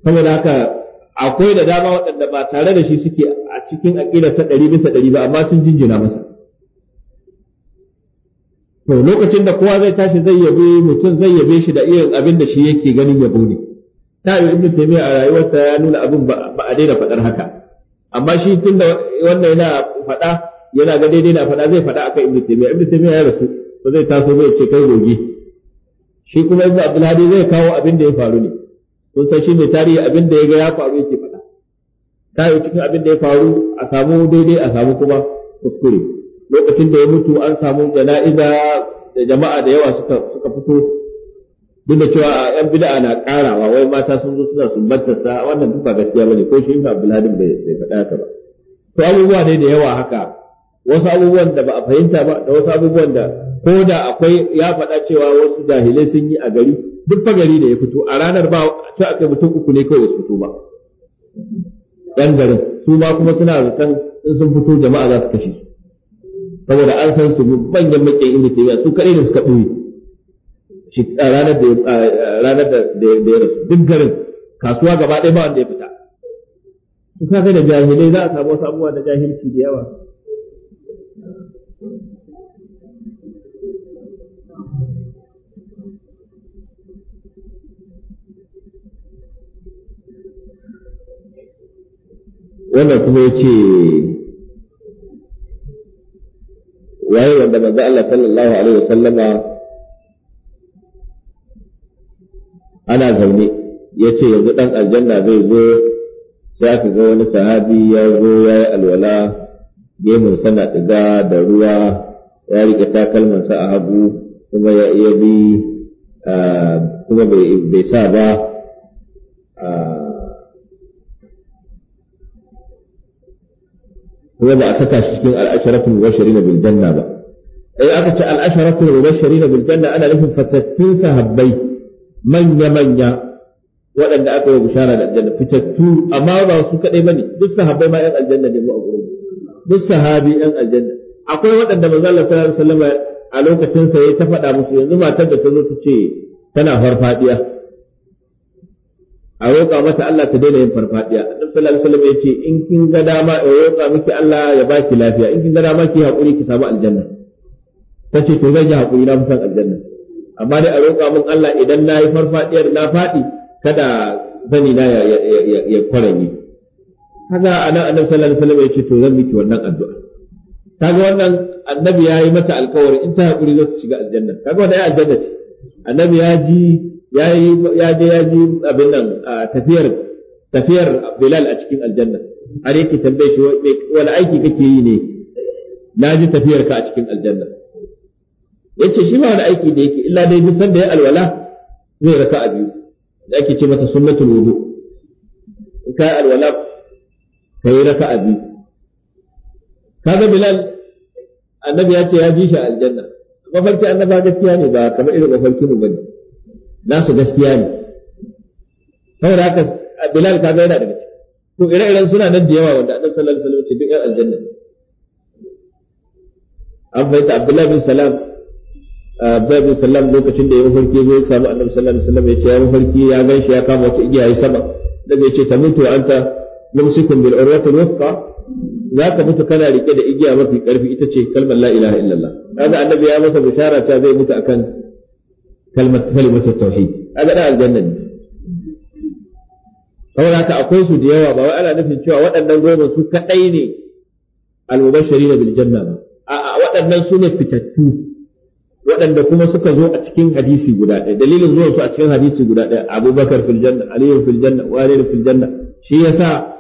saboda haka akwai da dama waɗanda ba tare da shi suke a cikin aƙida ta ɗari bisa ɗari ba amma sun jinjina masa to lokacin da kowa zai tashi zai yabe mutum zai yabe shi da irin abin da shi yake ganin yabo ne ta yi ibnu taymiya a rayuwarsa ya nuna abin ba a daina faɗar haka amma shi tun da wannan yana faɗa yana ga daidai na faɗa zai faɗa akan ibnu taymiya ibnu taymiya ya rasu ba zai taso ba ya ce kai goge shi kuma ibnu abdul hadi zai kawo abin da ya faru ne kun san shi ne tarihi abin da ya ga ya faru yake faɗa ta yi cikin abin da ya faru a samu daidai a samu kuma kuskure lokacin da ya mutu an samu jana'iza da jama'a da yawa suka suka fito duk da cewa yan bid'a na karawa wai mata sun zo suna sumbantar sa wannan duk ba gaskiya bane ko shi ibnu abdul hadi bai faɗa haka ba to abubuwa ne da yawa haka wasu abubuwan da ba a fahimta ba da wasu abubuwan da ko da akwai ya faɗa cewa wasu jahilai sun yi a gari duk fa gari da ya fito a ranar ba ta akai mutum uku ne kawai su fito ba ɗan garin su ma kuma suna zaton in sun fito jama'a za su kashe su saboda an san su manyan makiyayin inda ke su kaɗai da suka ɓoye shi ranar da ranar da ya rasu duk garin kasuwa gaba ɗaya ba wanda ya fita su kaga da jahilai za a samu wasu abubuwa da jahilci da yawa wannan kuma yake waye wanda manzo Allah sallallahu alaihi wasallama ana zaune yace yanzu dan aljanna zai zo sai aka ga wani sahabi ya zo yayi alwala gemunsa na ɗiga da ruwa ya riƙe takalmansa a hagu kuma ya iya bi kuma bai sa ba kuma ba a saka shi cikin al'asharatul mubashirin na biljanna ba in aka ce al'asharatul mubashirin na biljanna ana nufin fatattun sahabbai manya manya waɗanda aka yi bishara da aljanna fitattu amma ba su kaɗai ne duk sahabbai ma 'yan aljanna ne mu a gurin duk sahabi ɗan aljanna akwai waɗanda manzo Allah sallallahu alaihi wasallam a lokacin sa ya ta faɗa musu yanzu matar da ta zo ta ce tana farfadiya a roƙa mata Allah ta daina yin farfadiya annabi sallallahu alaihi wasallam ya ce in kin ga dama ya roƙa miki Allah ya baki lafiya in kin ga dama ki haƙuri ki samu aljanna tace to zan yi haƙuri na musan aljanna amma dai a roƙa min Allah idan na yi farfadiyar na faɗi kada zani na ya kwaranye kaga anan annabi sallallahu alaihi wasallam ya ce to zan miki wannan addu'a kaga wannan annabi ya yi mata alkawari in ta hakuri za ta shiga aljanna kaga wannan ya aljanna ce annabi ya ji ya ya je ya ji abin nan tafiyar tafiyar Bilal a cikin aljanna har yake tambaye shi wani aiki kake yi ne na ji tafiyar ka a cikin aljanna yace shi ba wani aiki da yake illa dai duk sanda ya alwala zai raka a biyu da ake ce mata sunnatul wudu in ka alwala ka yi raka'a biyu kaga bilal annabi ya ce ya ji shi a aljanna mafarki annaba gaskiya ne ba kamar irin mafarki ne. bane nasu gaskiya ne da haka bilal kaga yana daga to ire-iren suna nan da yawa wanda annabi sallallahu alaihi wasallam ce duk yan aljanna an bayyana abdullahi bin salam Abdullahi bin Salam lokacin da ya mafarki zai samu Annabi sallallahu alaihi wasallam ya ce ya mafarki ya ganshi ya kama wata igiya ya sama da ya ce ta mutu anta لمسكم بالعروة الوثقى ذاك بس كان لكي يجي أمر في قلبه إتشي كلمة لا إله إلا الله هذا النبي يا مصر بشارة تابعي متأكن كلمة كلمة التوحيد هذا لا الجنة هو لا تأقوس ديوا بواء لا نفس الشوى وأن نقوم سكا أيني المبشرين بالجنة آه، آه، وأن نسوني في تكتو وأن نقوم سكا زوء أتكين حديثي قداء دليل زوء أتكين حديثي قداء أبو بكر في الجنة علي في الجنة وآلين في الجنة شيء يساء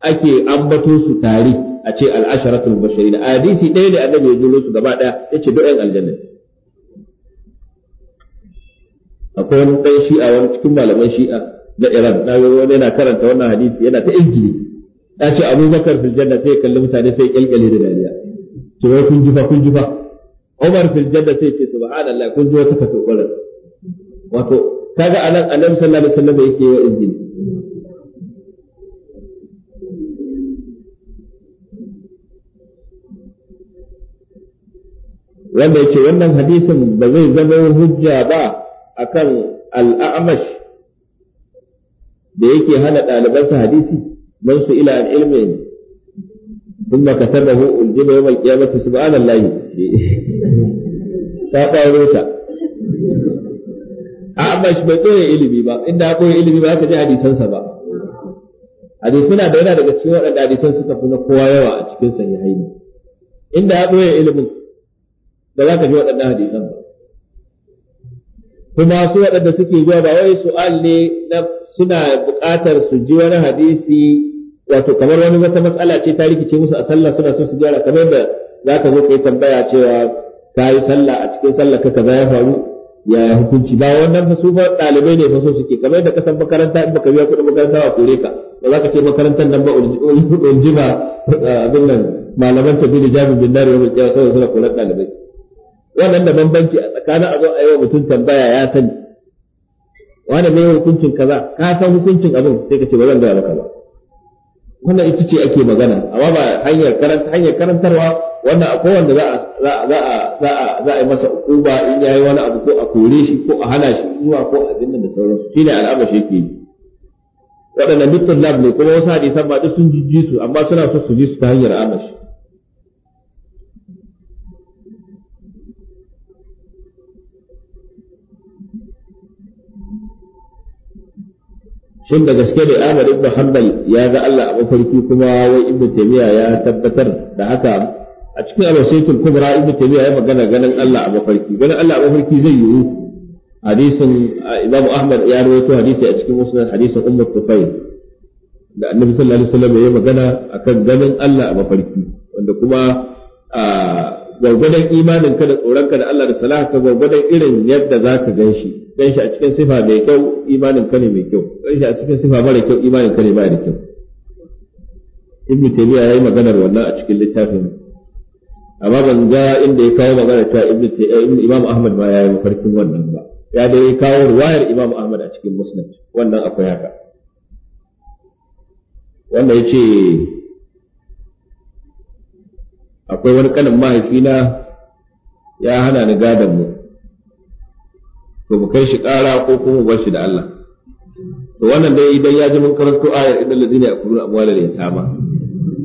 ake ambato su tare a ce al'asharatul bashirin a hadisi ɗaya da annabi ya jiro su gaba ɗaya ya ce ɗan aljanna akwai wani ɗan shi'a wani cikin malaman shi'a na Iran na wani yana karanta wannan hadisi yana ta ingili ya ce Abu Filjanna fil sai kalli mutane sai kyalkyale da dariya ce wai kun jifa kun jifa Umar Filjanna sai ce subhanallah kun ji wata kafa wato kaga anan annabi sallallahu alaihi wasallam yake wa ingili wanda yake wannan hadisin ba zai zama hujja ba akan al'amash da yake hana ɗalibansa hadisi man su ila an ilmin ثم كتبه الجنة يوم القيامة سبحان الله ta Amash bai ɓoye ilimi ba, inda ya ɓoye ilimi ba ya ji hadisansa ba. Hadisuna da yana daga cikin waɗanda hadisan suka fi na kowa yawa a cikin sanyi haini. Inda ya ɓoye ilimin ba za ka ji waɗannan hadisan ba kuma su waɗanda suke zuwa ba wai su'al ne na suna buƙatar su ji wani hadisi wato kamar wani wata matsala ce ta rikice musu a sallah suna son su gyara kamar da za ka zo ka yi tambaya cewa ka yi sallah a cikin sallah ka ba ya faru ya hukunci ba wannan fa su fa ɗalibai ne fa so suke kamar da kasan makaranta in baka biya kuɗin makaranta ba kore ka ba za ka ce makarantar nan ba uljima abin nan malaman tafi da jami'in bin nari wa bin jawa saboda suna kula ɗalibai wannan da bambanci a tsakanin abu a wa mutum tambaya ya sani wanda mai hukuncin kaza ka san hukuncin abin sai ka ce ba zan gaya maka ba wannan ita ce ake magana amma ba hanyar karanta hanyar karantarwa wannan akwai wanda za a za a za a za a yi masa ukuba in yi wani abu ko a kore shi ko a hana shi zuwa ko a dinna da sauransu ne al'amari shi yake yi waɗannan duk tullab ne kuma wasu hadisan ba duk sun jijji su amma suna so su ji su ta hanyar amashi shin da gaske ne Ahmad ibn Hanbal ya ga Allah a mafarki kuma wai Ibn Taymiya ya tabbatar da haka a cikin al-Wasaitul Kubra Ibn Taymiya ya magana ganin Allah a mafarki ganin Allah a mafarki zai yiwu hadisin Imam Ahmad ya rawaito hadisi a cikin musnad hadisin Ummu Tufayl da Annabi sallallahu alaihi wasallam ya magana akan ganin Allah a mafarki wanda kuma gwargwadon imanin ka da tsoron ka da Allah da salaha ka gwargwadon irin yadda za ka gan shi gan shi a cikin sifa mai kyau imanin ka ne mai kyau gan shi a cikin sifa mara kyau imanin ka ne ba kyau ibnu taymiya yayi maganar wannan a cikin littafin amma ban ga inda ya kawo magana ta ibnu taymiya eh, imam ahmad ma yayi mafarkin wannan ba ya ya kawo ruwayar imam ahmad a cikin musnad wannan akwai haka wanda yace akwai wani kanin mahaifina ya hana ni gadon mu to mu kai shi ƙara ko kuma bar shi da Allah to wannan dai idan ya ji mun karanto ayar idan ladina yakuluna amwalal yatama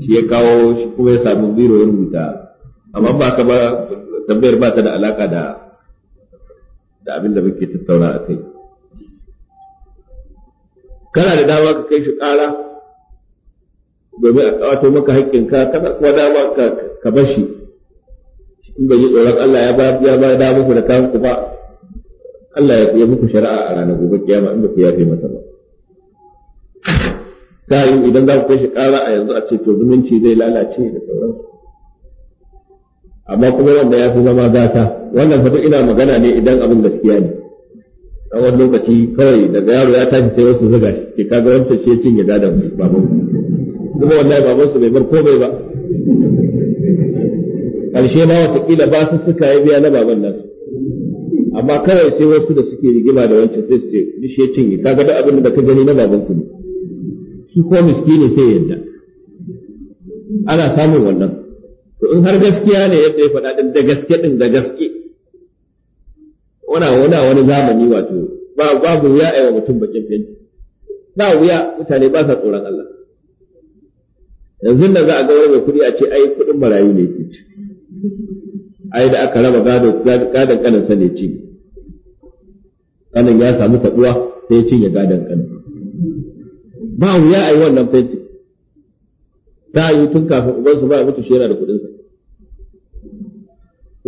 shi ya kawo shi kuma ya samu biro ya rubuta amma ba ka ba tambayar ba ta da alaka da da abin da muke tattauna a kai kana da dama ka kai shi ƙara domin a kawato maka haƙƙinka kana kuma dama ka bar shi in bai yi tsoron Allah ya ba ya ba da muku da kan ku ba Allah ya yi muku shari'a a ranar gobe kiyama in ku yafe masa ba ta yi idan za ku kai shi ƙara a yanzu a ce to zumunci zai lalace da sauransu amma kuma wanda ya fi zama gata wannan fatan ina magana ne idan abin gaskiya ne wani lokaci kawai daga yaro ya tashi sai wasu zuga ke kaga wancan shi ya cinye gadon baban kuma wallahi baban su bai bar komai ba karshe ma watakila ba su suka yi biya na baban nan amma kawai sai wasu da suke rigima da wancan sai su ce dishi ya cinye kaga duk abin da ka gani na baban ku ne shi ko miskini sai yadda ana samun wannan to in har gaskiya ne yadda ya faɗa din da gaske din da gaske wana wana wani zamani wato ba babu wuya aiwa mutum bakin fenti ba wuya mutane ba sa tsoron Allah yanzu da za a ga wani mai kuɗi a ce ai kuɗin marayu ne ke ci ai da aka raba gado gadon kanin sa ne ci kanin ya samu tabuwa sai ya cinye gadon kanin ba wuya yi wannan fenti ta yi tun kafin ubansu ba mutu shi yana da kuɗinsa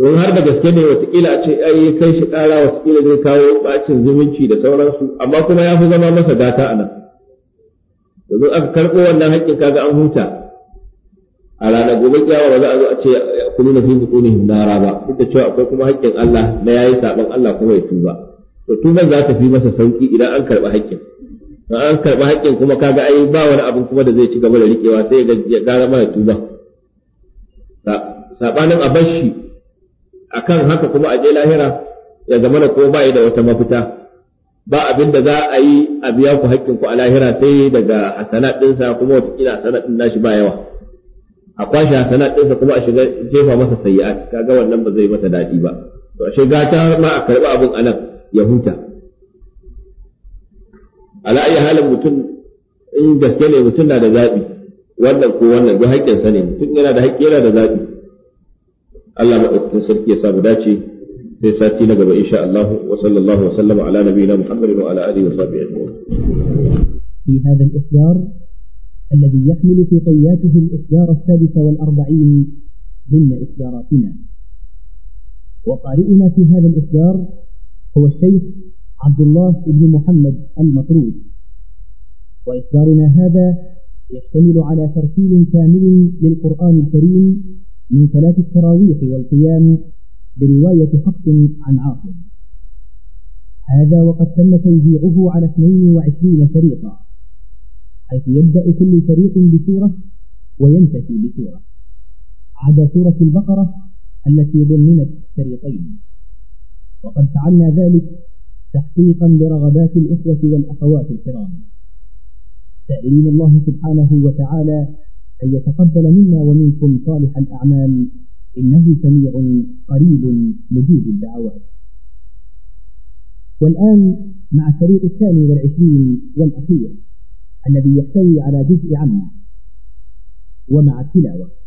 in har da gaske ne watakila ce ce ai kai shi kara watakila zai kawo bacin zumunci da sauransu amma kuma ya fi zama masa gata a nan domin aka karɓo wannan haƙƙin kaga an huta a ranar gobe kiyama ba za a zo a ce kullu na fi butunihim nara ba duk da cewa akwai kuma haƙƙin Allah na yayi saban Allah kuma ya tuba to tuban za ta fi masa sauki idan an karɓi haƙƙin in an karɓi haƙƙin kuma kaga ai ba wani abin kuma da zai ci gaba da riƙewa sai ya gara mara tuba saɓanin a bashi shi akan haka kuma a je lahira ya zama da ko ba da wata mafita ba abin da za a yi a biya ku haƙƙin ku a lahira sai daga hasanat ɗinsa kuma wataƙila hasanat ɗin nashi ba yawa a kwashe hasanat ɗinsa kuma a shiga jefa masa sayyi'at kaga wannan ba zai masa daɗi ba to a shiga ta ma a karɓi abin anan ya huta ala ayi halin mutum in gaske ne mutum na da zaɓi wannan ko wannan duk haƙƙinsa ne mutum yana da haƙƙi yana da zaɓi Allah maɗaukakin sarki ya sa mu dace sai sati na gaba insha Allah wa sallallahu wa sallama ala nabiyina Muhammadin wa ala alihi wa sahbihi ajma'in في هذا الإصدار الذي يحمل في طياته الإصدار السادس والأربعين ضمن إصداراتنا وقارئنا في هذا الإصدار هو الشيخ عبد الله بن محمد المطرود وإصدارنا هذا يشتمل على ترتيل كامل للقرآن الكريم من صلاة التراويح والقيام برواية حق عن عاصم هذا وقد تم توزيعه على 22 شريطا حيث يبدأ كل شريط بسورة وينتهي بسورة عدا سورة البقرة التي ضمنت شريطين وقد فعلنا ذلك تحقيقا لرغبات الإخوة والأخوات الكرام سائلين الله سبحانه وتعالى أن يتقبل منا ومنكم صالح الأعمال إنه سميع قريب مجيب الدعوات والآن مع الشريط الثاني والعشرين والأخير الذي يحتوي على جزء عمه ومع التلاوة